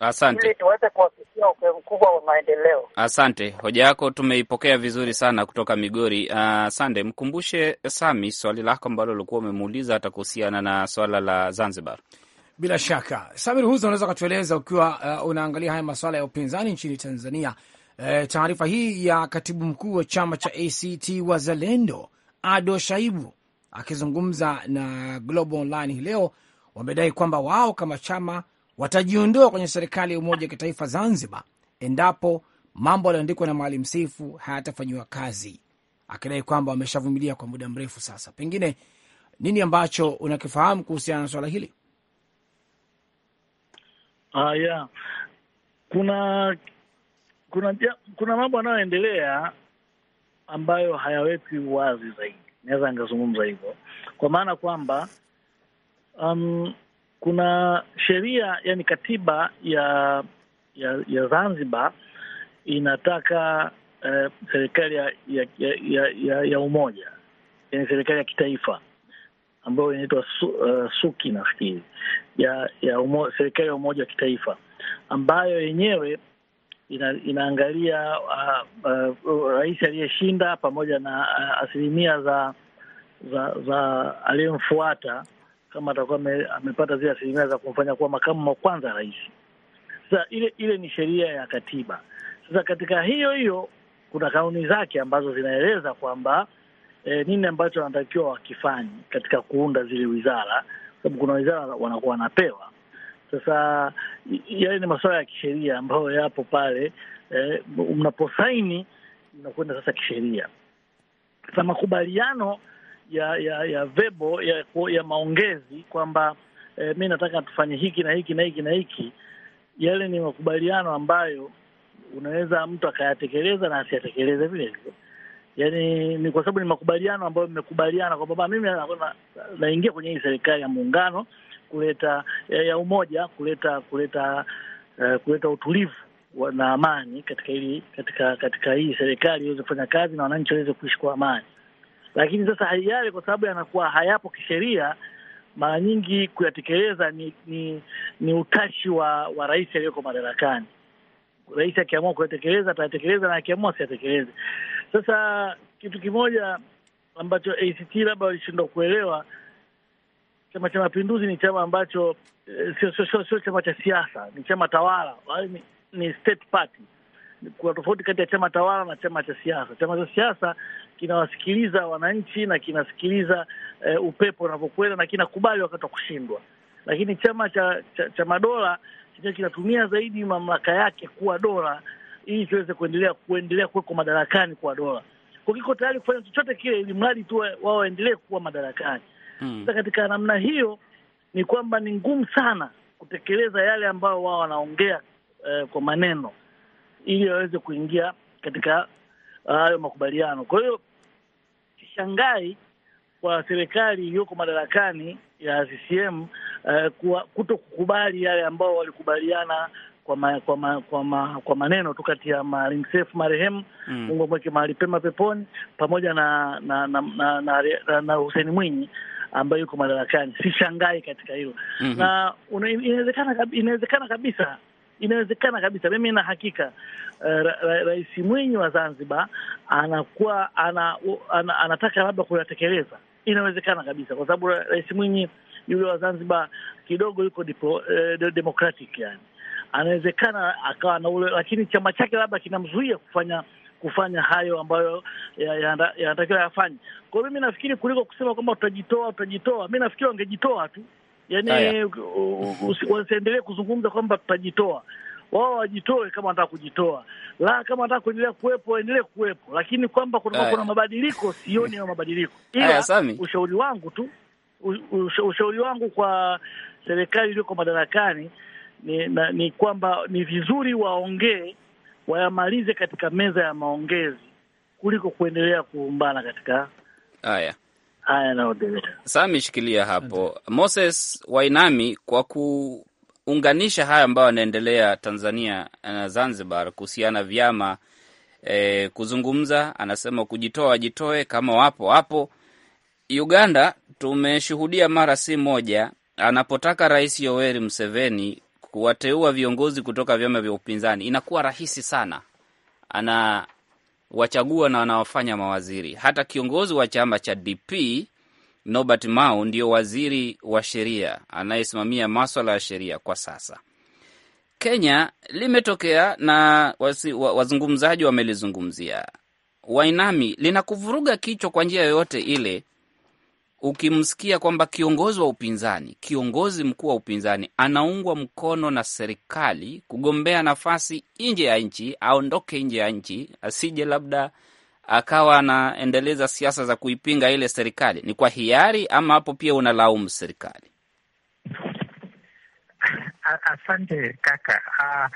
Asante. Ili tuweze kuwafikia upeo mkubwa wa maendeleo. Asante, hoja yako tumeipokea vizuri sana kutoka Migori. Asante. Ah, mkumbushe Sami swali lako ambalo ulikuwa umemuuliza hata kuhusiana na swala la Zanzibar. Bila shaka Samir Huza, unaweza ukatueleza ukiwa uh, unaangalia haya masuala ya upinzani nchini Tanzania. Uh, taarifa hii ya katibu mkuu wa chama cha ACT Wazalendo Ado Shaibu akizungumza na Global Online hii leo, wamedai kwamba wao kama chama watajiondoa kwenye serikali ya umoja wa kitaifa Zanzibar endapo mambo yaliyoandikwa na Maalim Seif hayatafanyiwa kazi, akidai kwamba wameshavumilia kwa muda mrefu sasa. Pengine nini ambacho unakifahamu kuhusiana na swala hili? Uh, yeah. Kuna kuna ja, kuna mambo yanayoendelea ambayo hayaweki wazi zaidi, naweza nikazungumza hivyo, kwa maana kwamba um, kuna sheria yani katiba ya ya, ya Zanzibar inataka eh, serikali ya, ya, ya, ya, ya umoja yani serikali ya kitaifa ambayo inaitwa su, uh, suki nafikiri ya, ya umo, serikali ya umoja wa kitaifa ambayo yenyewe ina, inaangalia uh, uh, rais aliyeshinda pamoja na uh, asilimia za za, za aliyemfuata kama atakuwa amepata zile asilimia za kumfanya kuwa makamu wa kwanza rais. Sasa ile ile ni sheria ya katiba. Sasa katika hiyo hiyo kuna kanuni zake ambazo zinaeleza kwamba e, nini ambacho wanatakiwa wakifanye katika kuunda zile wizara, sababu kuna wizara wanakuwa wanapewa. Sasa yale ni masuala ya kisheria ambayo yapo pale. E, mnaposaini mnakwenda sasa kisheria. Sasa makubaliano ya ya ya vebo ya, ya maongezi kwamba eh, mi nataka tufanye hiki na hiki na hiki na hiki. Yale ni makubaliano ambayo unaweza mtu akayatekeleza na asiyatekeleze vile vile, Yani ni kwa sababu ni makubaliano ambayo mmekubaliana kwamba mimi naingia na kwenye hii serikali ya muungano kuleta ya, ya umoja kuleta kuleta uh, kuleta utulivu na amani katika hili katika katika hii serikali iweze kufanya kazi na wananchi waweze kuishi kwa amani lakini sasa yale kwa sababu yanakuwa hayapo kisheria, mara nyingi kuyatekeleza ni ni, ni utashi wa wa rais aliyoko madarakani. Rais akiamua kuyatekeleza atayatekeleza, na akiamua asiyatekeleze Sasa kitu kimoja ambacho ACT labda walishindwa kuelewa, Chama cha Mapinduzi ni chama ambacho eh, sio chama cha siasa, ni chama tawala, ni, ni state party kuna tofauti kati ya chama tawala na chama cha siasa. Chama cha siasa kinawasikiliza wananchi na kinasikiliza eh, upepo unavyokwenda na kinakubali wakati wa kushindwa, lakini chama cha, cha, cha madola chenyewe kinatumia zaidi mamlaka yake kuwa dola ili kiweze kuendelea kuendelea kuwekwa madarakani kuwa dola, kwa kiko tayari kufanya chochote kile ili mradi tu wao waendelee kuwa madarakani. Hmm. Sasa katika namna hiyo ni kwamba ni ngumu sana kutekeleza yale ambayo wao wanaongea eh, kwa maneno ili waweze kuingia katika hayo uh, makubaliano. Kwa hiyo shangai kwa serikali iliyoko madarakani ya CCM eh, uh, kuto kukubali yale ambao walikubaliana kwa ma, kwa ma, kwa, ma, kwa maneno tu kati ya Maalim Seif marehemu mm. Mungu amweke mahali pema peponi pamoja na na na, na, na, na, na Hussein Mwinyi ambaye yuko madarakani. Sishangai katika hilo mm -hmm. na inawezekana inawezekana kabisa inawezekana kabisa, mimi na hakika eh, ra, ra, Mwinyi wa Zanzibar anakuwa ana, ana, anataka labda kuyatekeleza. Inawezekana kabisa, kwa sababu Rais Mwinyi yule wa Zanzibar kidogo yuko dipo, eh, democratic yani anawezekana akawa na ule, lakini chama chake labda kinamzuia kufanya kufanya hayo ambayo yanatakiwa ya, ya, yafanye. Kwa hiyo mimi nafikiri kuliko kusema kwamba tutajitoa tutajitoa, mi nafikiri wangejitoa tu yani wasiendelee kuzungumza kwamba tutajitoa. Wao wajitoe kama wanataka kujitoa, la kama wanataka kuendelea kuwepo waendelee kuwepo, lakini kwamba kuna, kuna mabadiliko sioni hayo mabadiliko, ila ushauri wangu tu usha, ushauri wangu kwa serikali iliyoko madarakani ni, na, ni kwamba ni vizuri waongee wayamalize katika meza ya maongezi kuliko kuendelea kuumbana katika haya sasa ameshikilia hapo Moses Wainami kwa kuunganisha haya ambayo anaendelea Tanzania na Zanzibar kuhusiana vyama eh, kuzungumza. Anasema kujitoa wajitoe, kama wapo hapo. Uganda tumeshuhudia mara si moja anapotaka Rais Yoweri Museveni kuwateua viongozi kutoka vyama vya upinzani inakuwa rahisi sana, ana wachagua na wanaofanya mawaziri. Hata kiongozi wa chama cha DP Norbert Mao ndio waziri wa sheria anayesimamia maswala ya sheria kwa sasa. Kenya limetokea na wasi, wa, wazungumzaji wamelizungumzia. Wainami linakuvuruga kichwa kwa njia yoyote ile ukimsikia kwamba kiongozi wa upinzani, kiongozi mkuu wa upinzani anaungwa mkono na serikali kugombea nafasi nje ya nchi, aondoke nje ya nchi, asije labda akawa anaendeleza siasa za kuipinga ile serikali, ni kwa hiari ama hapo pia unalaumu serikali? Asante kaka. Uh,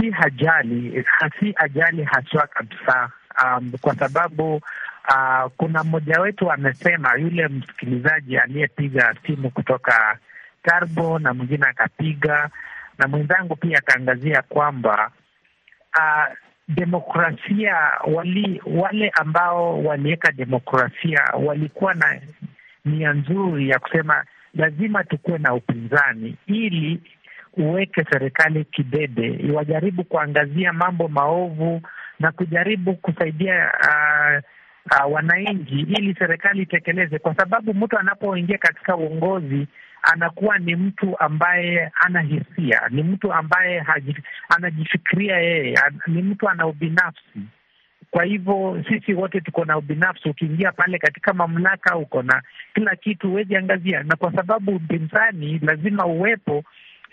si ajali, si ajali haswa kabisa, um, kwa sababu Uh, kuna mmoja wetu amesema, yule msikilizaji aliyepiga simu kutoka Tarbo na mwingine akapiga na mwenzangu pia akaangazia kwamba uh, demokrasia wali, wale ambao waliweka demokrasia walikuwa na nia nzuri ya kusema lazima tukuwe na upinzani ili uweke serikali kidede, iwajaribu kuangazia mambo maovu na kujaribu kusaidia uh, uh, wananchi ili serikali itekeleze, kwa sababu mtu anapoingia katika uongozi anakuwa ni mtu ambaye ana hisia, ni mtu ambaye anajifikiria yeye, ni mtu ana ubinafsi. Kwa hivyo sisi wote tuko na ubinafsi. Ukiingia pale katika mamlaka, uko na kila kitu, huwezi angazia, na kwa sababu upinzani lazima uwepo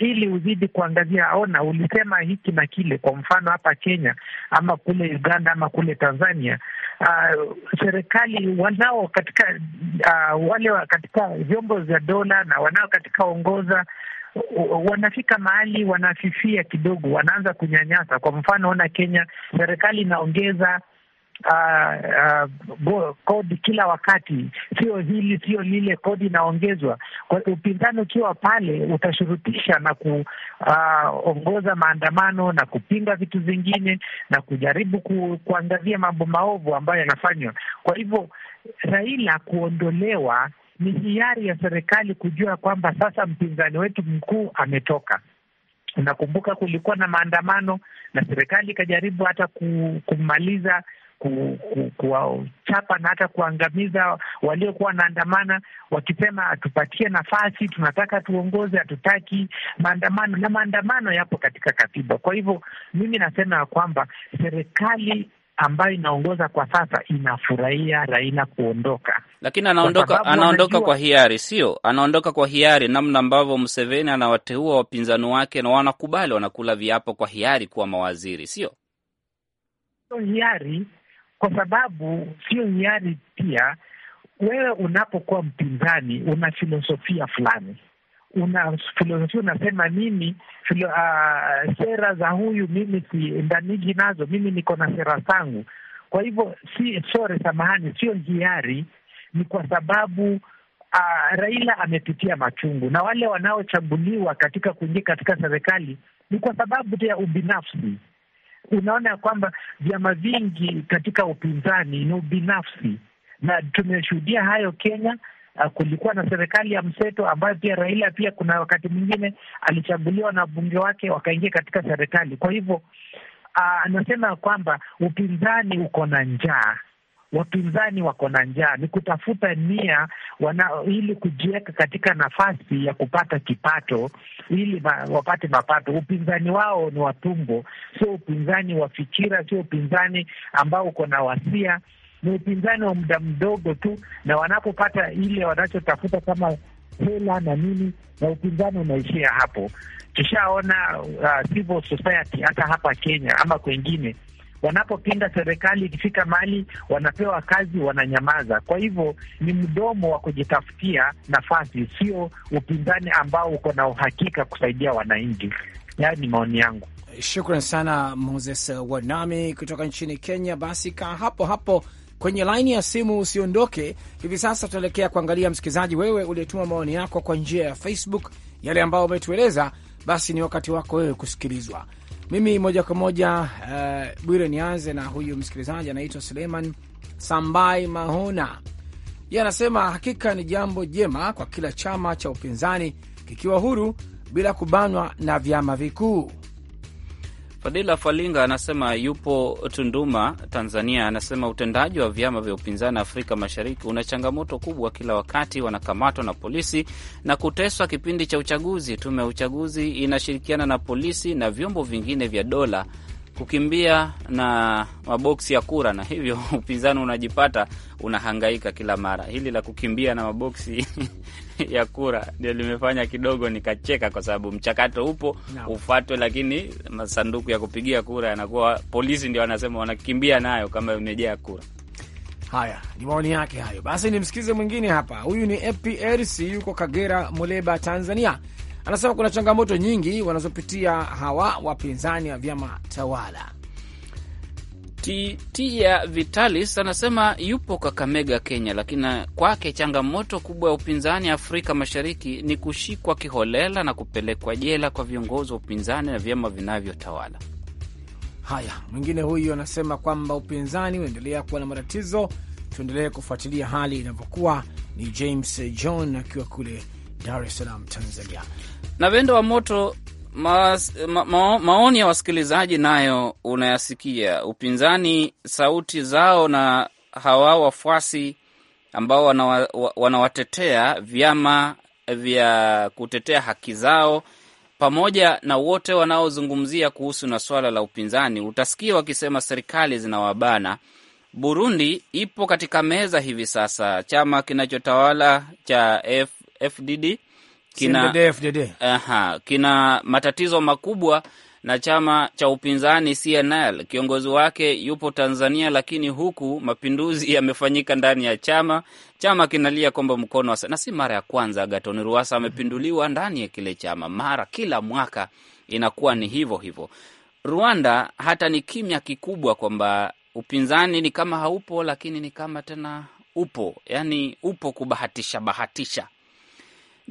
ili uzidi kuangazia, ona, ulisema hiki na kile, kwa mfano hapa Kenya ama kule Uganda ama kule Tanzania. Uh, serikali wanao katika uh, wale wa katika vyombo vya dola na wanao katika ongoza uh, wanafika mahali wanafifia kidogo, wanaanza kunyanyasa. Kwa mfano, ona Kenya, serikali inaongeza uh, uh, kodi kila wakati, sio hili sio lile, kodi inaongezwa. Kwa upinzani ukiwa pale utashurutisha na kuongoza ah, uh, maandamano na kupinga vitu vingine na kujaribu ku, kuangazia mambo maovu ambayo yanafanywa. Kwa hivyo Raila kuondolewa ni hiari ya serikali kujua kwamba sasa mpinzani wetu mkuu ametoka. Unakumbuka kulikuwa na maandamano na serikali ikajaribu hata kumaliza kuwachapa na hata kuangamiza waliokuwa wanaandamana, wakisema atupatie nafasi, tunataka tuongoze, hatutaki maandamano. Na maandamano yapo katika katiba. Kwa hivyo mimi nasema ya kwamba serikali ambayo inaongoza kwa sasa inafurahia Raila kuondoka, lakini anaondoka anaondoka wanajua... kwa hiari, sio anaondoka kwa hiari, namna ambavyo Museveni anawateua wapinzani wake na wanakubali, wanakula viapo kwa hiari kuwa mawaziri, sio hiari kwa sababu sio hiari pia. Wewe unapokuwa mpinzani, una filosofia fulani, una filosofia unasema, mimi filo, uh, sera za huyu mimi siendaniki nazo, mimi niko na sera zangu. Kwa hivyo si sore, samahani, sio hiari, ni kwa sababu uh, Raila amepitia machungu na wale wanaochaguliwa katika kuingia katika serikali ni kwa sababu ya ubinafsi unaona ya kwamba vyama vingi katika upinzani ni ubinafsi, na tumeshuhudia hayo Kenya. Ah, kulikuwa na serikali ya mseto ambayo pia Raila pia kuna wakati mwingine alichaguliwa na bunge wake wakaingia katika serikali. Kwa hivyo anasema ah, kwamba upinzani uko na njaa wapinzani wako na njaa, ni kutafuta nia wana, ili kujiweka katika nafasi ya kupata kipato ili ma, wapate mapato. Upinzani wao ni watumbo, sio upinzani wa fikira, sio upinzani ambao uko na wasia ni upinzani wa muda mdogo tu, na wanapopata ile wanachotafuta kama hela na nini, na upinzani unaishia hapo. Tushaona uh, civil society hata hapa Kenya ama kwengine Wanapopinga serikali, ikifika mali wanapewa kazi wananyamaza. Kwa hivyo ni mdomo wa kujitafutia nafasi, sio upinzani ambao uko na uhakika kusaidia wananchi. Yayo ni maoni yangu. Shukran sana Moses Wanami kutoka nchini Kenya. Basi kaa hapo hapo kwenye laini ya simu, usiondoke. Hivi sasa tunaelekea kuangalia, msikilizaji, wewe uliyetuma maoni yako kwa njia ya Facebook, yale ambayo umetueleza, basi ni wakati wako wewe kusikilizwa. Mimi moja kwa moja uh, Bwire, nianze na huyu msikilizaji anaitwa Suleiman Sambai Mahona. ye anasema hakika ni jambo jema kwa kila chama cha upinzani kikiwa huru bila kubanwa na vyama vikuu. Fadhila Falinga anasema yupo Tunduma, Tanzania. Anasema utendaji wa vyama vya upinzani Afrika Mashariki una changamoto kubwa, kila wakati wanakamatwa na polisi na kuteswa kipindi cha uchaguzi. Tume ya uchaguzi inashirikiana na polisi na vyombo vingine vya dola kukimbia na maboksi ya kura, na hivyo <laughs> upinzani unajipata unahangaika kila mara. Hili la kukimbia na maboksi <laughs> ya kura ndio limefanya kidogo nikacheka, kwa sababu mchakato upo no. ufatwe, lakini masanduku ya kupigia kura yanakuwa polisi ndio wanasema wanakimbia nayo kama imejaa kura. Haya, ni maoni yake hayo. Basi nimsikize mwingine hapa. Huyu ni APRC yuko Kagera, Muleba, Tanzania anasema kuna changamoto nyingi wanazopitia hawa wapinzani wa vyama tawala. Titia Vitalis anasema yupo Kakamega, Kenya, lakini kwake changamoto kubwa ya upinzani Afrika Mashariki ni kushikwa kiholela na kupelekwa jela kwa viongozi wa upinzani na vyama vinavyotawala. Haya, mwingine huyu anasema kwamba upinzani unaendelea kuwa na matatizo, tuendelee kufuatilia hali inavyokuwa. Ni James John akiwa kule Dar es Salaam, Tanzania. Na Vendo wa Moto, Mas, ma, ma, maoni ya wasikilizaji nayo unayasikia. Upinzani sauti zao na hawa wafuasi ambao wa, wanawatetea vyama vya kutetea haki zao, pamoja na wote wanaozungumzia kuhusu na swala la upinzani, utasikia wakisema serikali zinawabana. Burundi ipo katika meza hivi sasa, chama kinachotawala cha F FDD kina, CNDD, FDD. Aha, kina matatizo makubwa na chama cha upinzani CNL. Kiongozi wake yupo Tanzania, lakini huku mapinduzi yamefanyika ndani ya chama. Chama kinalia kwamba mkono wasa, na si mara ya kwanza Agathon Ruasa amepinduliwa ndani ya kile chama, mara kila mwaka inakuwa ni hivyo hivyo. Rwanda hata ni kimya kikubwa kwamba upinzani ni kama haupo, lakini ni kama tena upo, yani upo kubahatisha bahatisha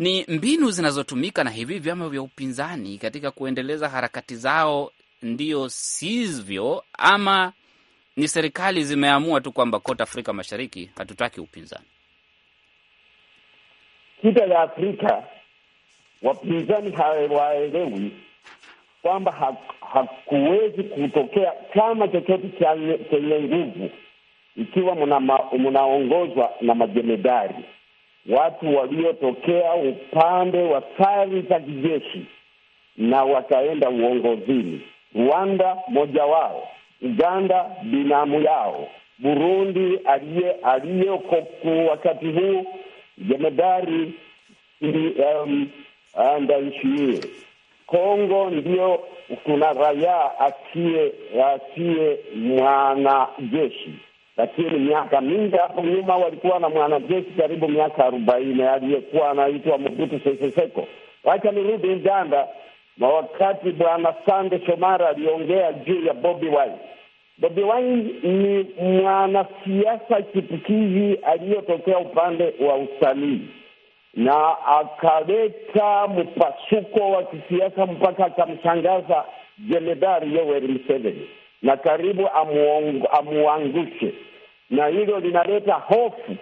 ni mbinu zinazotumika na hivi vyama vya upinzani katika kuendeleza harakati zao, ndio sivyo? Ama ni serikali zimeamua tu kwamba kote Afrika Mashariki hatutaki upinzani. Shida ya Afrika, wapinzani hawaelewi kwamba ha hakuwezi kutokea chama chochote chenye nguvu ikiwa mnaongozwa na majemadari watu waliotokea upande wa sari za kijeshi na wakaenda uongozini. Rwanda moja wao, Uganda binamu yao, Burundi aliyeko wakati huu jemedari um, Ndayishimiye. Kongo ndio kuna raia asiye asiye mwanajeshi lakini miaka mingi hapo nyuma walikuwa na mwanajeshi karibu miaka arobaini aliyekuwa anaitwa Mobutu Sese Seko. Wacha nirudi Uganda na wakati bwana Sande Shomara aliongea juu ya Bobi Wine. Bobi Wine ni mwanasiasa chipukizi aliyotokea upande wa usanii na akaleta mpasuko wa kisiasa mpaka akamshangaza Jemedari Yoweri Museveni na karibu amuangushe na hilo linaleta hofu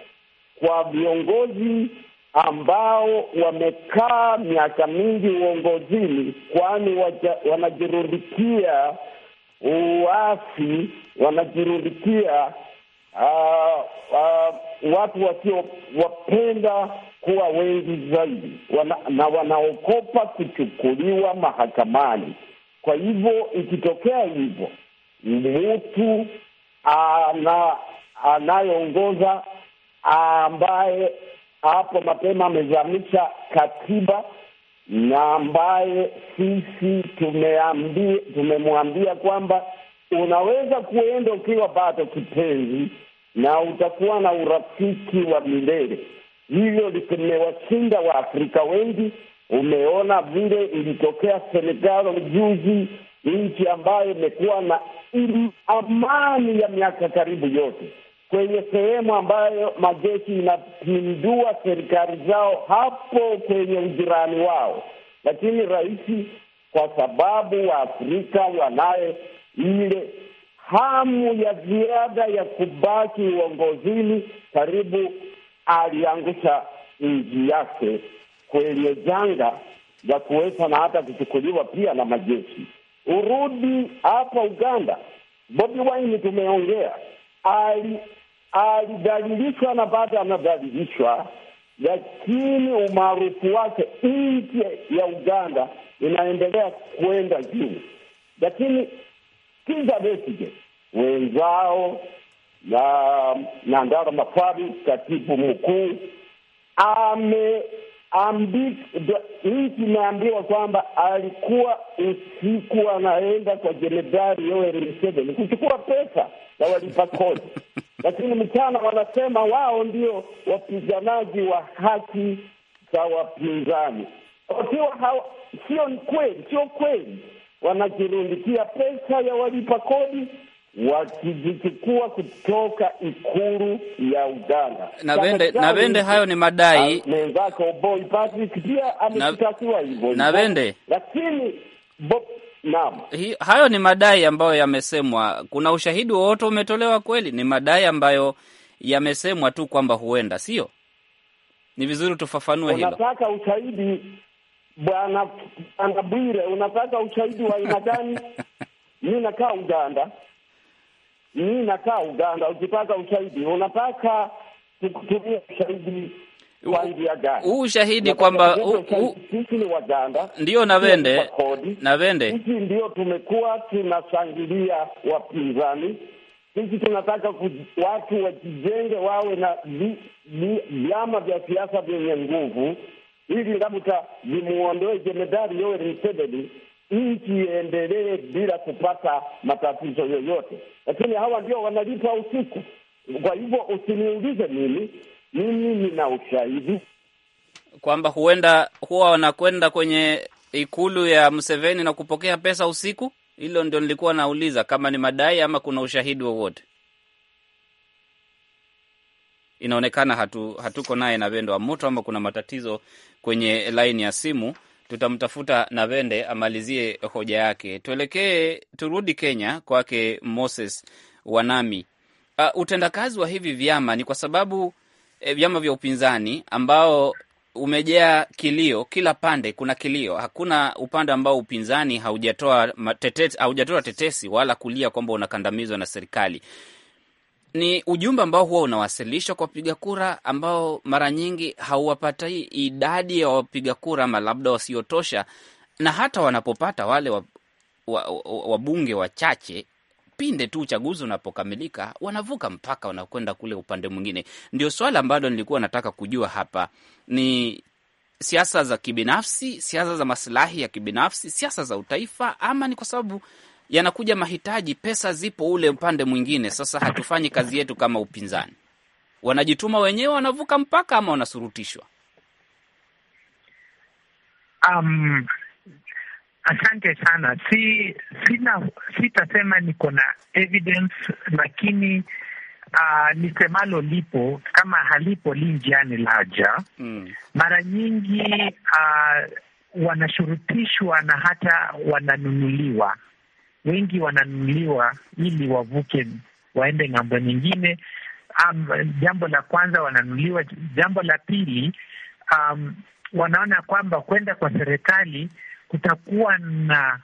kwa viongozi ambao wamekaa miaka mingi uongozini, kwani wanajirundikia uasi, wanajirudikia uh, ah, uh, ah, watu wasiowapenda kuwa wengi zaidi wana, na wanaogopa kuchukuliwa mahakamani. Kwa hivyo ikitokea hivyo mtu ana anayeongoza ambaye hapo mapema amezamisha katiba na ambaye sisi tumemwambia kwamba unaweza kuenda ukiwa bado kipenzi na utakuwa na urafiki wa milele. Hilo limewashinda Waafrika wengi. Umeona vile ilitokea Senegal juzi, nchi ambayo imekuwa na amani ya miaka karibu yote kwenye sehemu ambayo majeshi inapindua serikali zao hapo kwenye ujirani wao. Lakini rais, kwa sababu Waafrika wanaye ile hamu ya ziada ya kubaki uongozini, karibu aliangusha nchi yake kwenye janga za kuweza na hata kuchukuliwa pia na majeshi. Urudi hapa Uganda, Bobi Wine tumeongea ali alidhalilishwa na bado anadhalilishwa, lakini umaarufu wake nje ya Uganda inaendelea kwenda juu. Lakini Kizza Besigye wenzao na Nandala Mafwali, katibu mkuu, nchi imeambiwa kwamba alikuwa usiku anaenda kwa jenerali Yoweri Museveni kuchukua pesa na walipa kodi <laughs> lakini mchana wanasema wao ndio wapiganaji wa haki za wapinzani. Wakiwa hawa sio kweli, sio kweli, wanajirundikia pesa ya walipa kodi wakijichukua kutoka ikulu ya Uganda na vende na vende. Hayo ni madai mwenzako Boy Patrick pia ameshtakiwa hivyo na vende, lakini Naam. hayo ni madai ambayo yamesemwa. Kuna ushahidi wowote umetolewa kweli? Ni madai ambayo yamesemwa tu kwamba huenda, sio? Ni vizuri tufafanue hilo. Unataka ushahidi bwana bwana Bwire, unataka ushahidi wa aina gani? <laughs> Mi nakaa Uganda, mi nakaa Uganda. Ukitaka ushahidi unataka tukutumia ushahidi kwa njia gani? Huu ushahidi kwamba sisi ni Waganda ndio na wende na sisi ndio tumekuwa tunashangilia wapinzani. Sisi tunataka watu wajijenge, wawe na vyama vya siasa vyenye nguvu, ili labda vimuondoe jemedari Yoweri Museveni, nchi iendelee bila kupata matatizo yoyote. Lakini hawa ndio wanalipa usiku. Kwa hivyo usiniulize mimi mimi nina ushahidi kwamba huenda huwa wanakwenda kwenye ikulu ya Museveni na kupokea pesa usiku. Hilo ndio nilikuwa nauliza kama ni madai ama kuna ushahidi wowote. Inaonekana hatu, hatuko naye Navende wa moto ama kuna matatizo kwenye laini ya simu. Tutamtafuta Navende amalizie hoja yake. Tuelekee, turudi Kenya kwake Moses Wanami. Uh, utendakazi wa hivi vyama ni kwa sababu Eh, vyama vya upinzani ambao umejaa kilio, kila pande kuna kilio. Hakuna upande ambao upinzani haujatoa tetesi, haujatoa tetesi wala kulia kwamba unakandamizwa na serikali. Ni ujumbe ambao huwa unawasilishwa kwa wapiga kura ambao mara nyingi hauwapata idadi ya wapiga kura ama labda wasiotosha, na hata wanapopata wale wabunge wa, wa, wa wachache pinde tu uchaguzi unapokamilika wanavuka mpaka wanakwenda kule upande mwingine. Ndio swala ambalo nilikuwa nataka kujua hapa ni siasa za kibinafsi, siasa za masilahi ya kibinafsi, siasa za utaifa, ama ni kwa sababu yanakuja mahitaji, pesa zipo ule upande mwingine. Sasa hatufanyi kazi yetu kama upinzani, wanajituma wenyewe, wanavuka mpaka ama wanasurutishwa? Um, Asante sana. Si sina, sitasema niko na evidence, lakini uh, nisemalo lipo kama halipo li njiani laja. Mm. Mara nyingi uh, wanashurutishwa na hata wananunuliwa, wengi wananunuliwa ili wavuke waende ng'ambo nyingine. Um, jambo la kwanza wananunuliwa. Jambo la pili um, wanaona kwamba kwenda kwa serikali kutakuwa na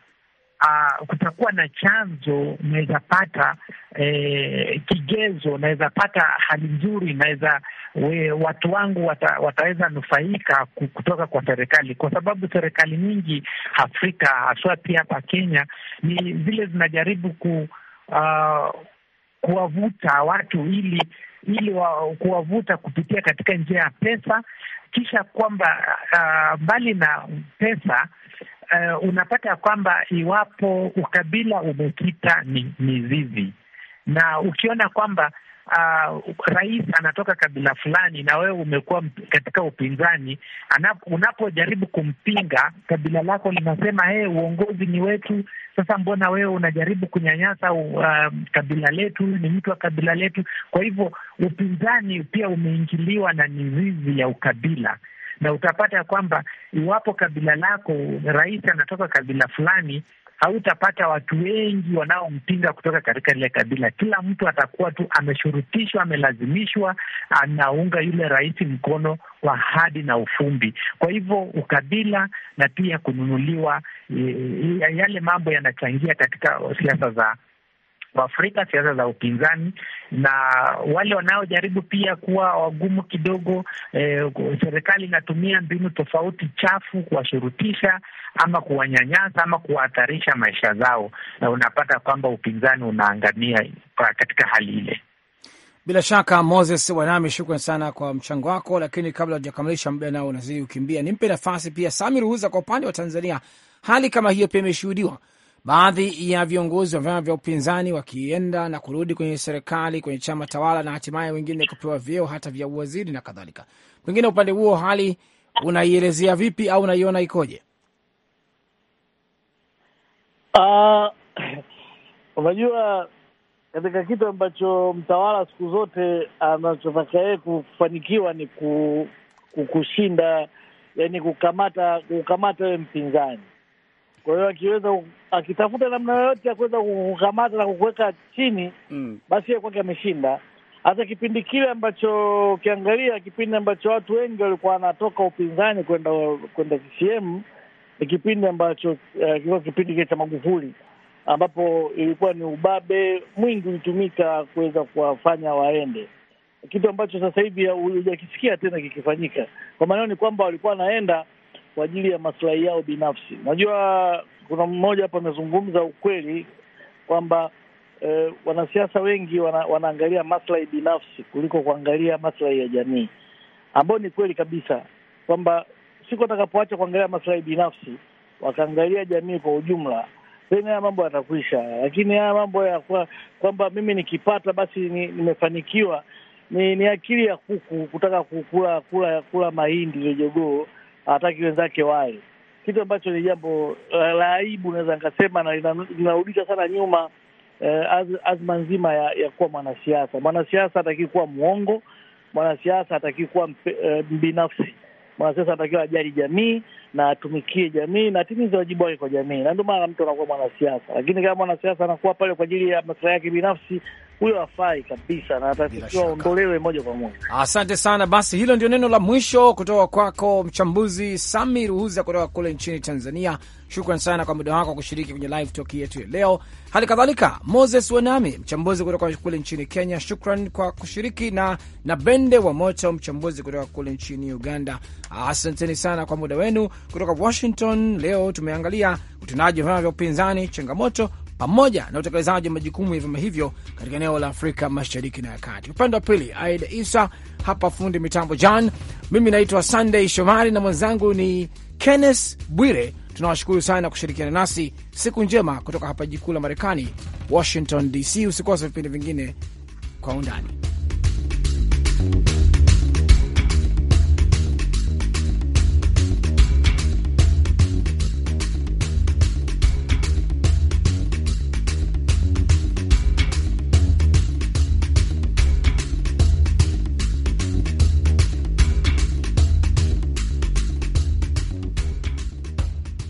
Uh, kutakuwa na chanzo, naweza pata eh, kigezo, naweza pata hali nzuri, naweza watu wangu wata, wataweza nufaika kutoka kwa serikali, kwa sababu serikali nyingi Afrika haswa pia hapa Kenya ni zile zinajaribu ku, uh, kuwavuta watu ili ili kuwavuta kupitia katika njia ya pesa, kisha kwamba ah, ah, mbali uh, na pesa uh, unapata ya kwamba iwapo ukabila umekita ni mizizi, na ukiona kwamba uh, rais anatoka kabila fulani na wewe umekuwa katika upinzani, unapojaribu kumpinga, kabila lako linasema hey, uongozi ni wetu. Sasa mbona wewe unajaribu kunyanyasa uh, kabila letu? Ni mtu wa kabila letu. Kwa hivyo upinzani pia umeingiliwa na mizizi ya ukabila na utapata kwamba iwapo kabila lako rais anatoka kabila fulani, hautapata watu wengi wanaompinga kutoka katika lile kabila. Kila mtu atakuwa tu ameshurutishwa, amelazimishwa, anaunga yule rais mkono wa hadi na ufumbi. Kwa hivyo ukabila na pia kununuliwa, e, yale mambo yanachangia katika siasa za Afrika, siasa za upinzani na wale wanaojaribu pia kuwa wagumu kidogo. Eh, serikali inatumia mbinu tofauti chafu kuwashurutisha ama kuwanyanyasa ama kuwahatarisha maisha zao, na unapata kwamba upinzani unaangamia katika hali ile. Bila shaka Moses Wanami, shukran sana kwa mchango wako, lakini kabla hujakamilisha, muda nao unazidi kukimbia, nimpe nafasi pia Sami Ruhuza. Kwa upande wa Tanzania, hali kama hiyo pia imeshuhudiwa baadhi ya viongozi wa vyama vya upinzani wakienda na kurudi kwenye serikali, kwenye chama tawala, na hatimaye wengine kupewa vyeo hata vya uwaziri na kadhalika. Pengine upande huo hali unaielezea vipi au unaiona ikoje? Uh, <clears throat> unajua katika kitu ambacho mtawala siku zote anachotaka yeye kufanikiwa ni kushinda, yani kukamata kukamata we mpinzani kwa hiyo akiweza akitafuta namna yoyote ya kuweza kukamata na kukuweka chini mm. basi yeye kwake ameshinda. Hata kipindi kile ambacho ukiangalia, kipindi ambacho watu wengi walikuwa wanatoka upinzani kwenda kwenda CCM ni kipindi ambacho eh, kilikuwa kipindi kile cha Magufuli ambapo ilikuwa ni ubabe mwingi ulitumika kuweza kuwafanya waende, kitu ambacho sasa hivi hujakisikia tena kikifanyika. Kwa maana ni kwamba walikuwa wanaenda kwa ajili ya maslahi yao binafsi. Unajua, kuna mmoja hapa amezungumza ukweli kwamba eh, wanasiasa wengi wana, wanaangalia maslahi binafsi kuliko kuangalia maslahi ya jamii, ambayo ni kweli kabisa kwamba siku watakapoacha kuangalia maslahi binafsi wakaangalia jamii kwa ujumla, then haya mambo yatakwisha. Lakini haya mambo ya kwamba mimi nikipata basi nimefanikiwa, ni, ni akili ya kuku kutaka kukula, kula kula mahindi ya jogoo hataki wenzake wale, kitu ambacho ni jambo eh, la aibu, naweza nikasema, na linarudisha sana nyuma eh, az, azma nzima ya, ya kuwa mwanasiasa. Mwanasiasa hatakii kuwa mwongo, mwanasiasa hatakii kuwa eh, mwanasiasa anatakiwa ajali jamii na atumikie jamii na atimize wajibu wake kwa jamii, na ndio maana mtu anakuwa mwanasiasa. Lakini kama mwanasiasa anakuwa pale kwa ajili ya maslahi yake binafsi, huyo hafai kabisa na atatakiwa aondolewe moja kwa moja. Asante sana. Basi hilo ndio neno la mwisho kutoka kwako mchambuzi Sami Ruhuza kutoka kule nchini Tanzania. Shukran sana kwa muda wako kushiriki kwenye live talk yetu ya leo. Hali kadhalika Moses Wanami, mchambuzi kutoka kule nchini Kenya, shukran kwa kushiriki na na Bende wa Moto, mchambuzi kutoka kule nchini Uganda. Asanteni sana kwa muda wenu. Kutoka Washington leo tumeangalia utendaji wa vyama vya upinzani, changamoto pamoja na utekelezaji wa majukumu ya vyama hivyo katika eneo la Afrika Mashariki na ya Kati. Upande wa pili, Aida Isa hapa, fundi mitambo John, mimi naitwa Sunday Shomari na mwenzangu ni Kenneth Bwire. Tunawashukuru sana kushirikiana nasi. Siku njema kutoka hapa jikuu la Marekani, Washington DC. Usikose vipindi vingine kwa undani.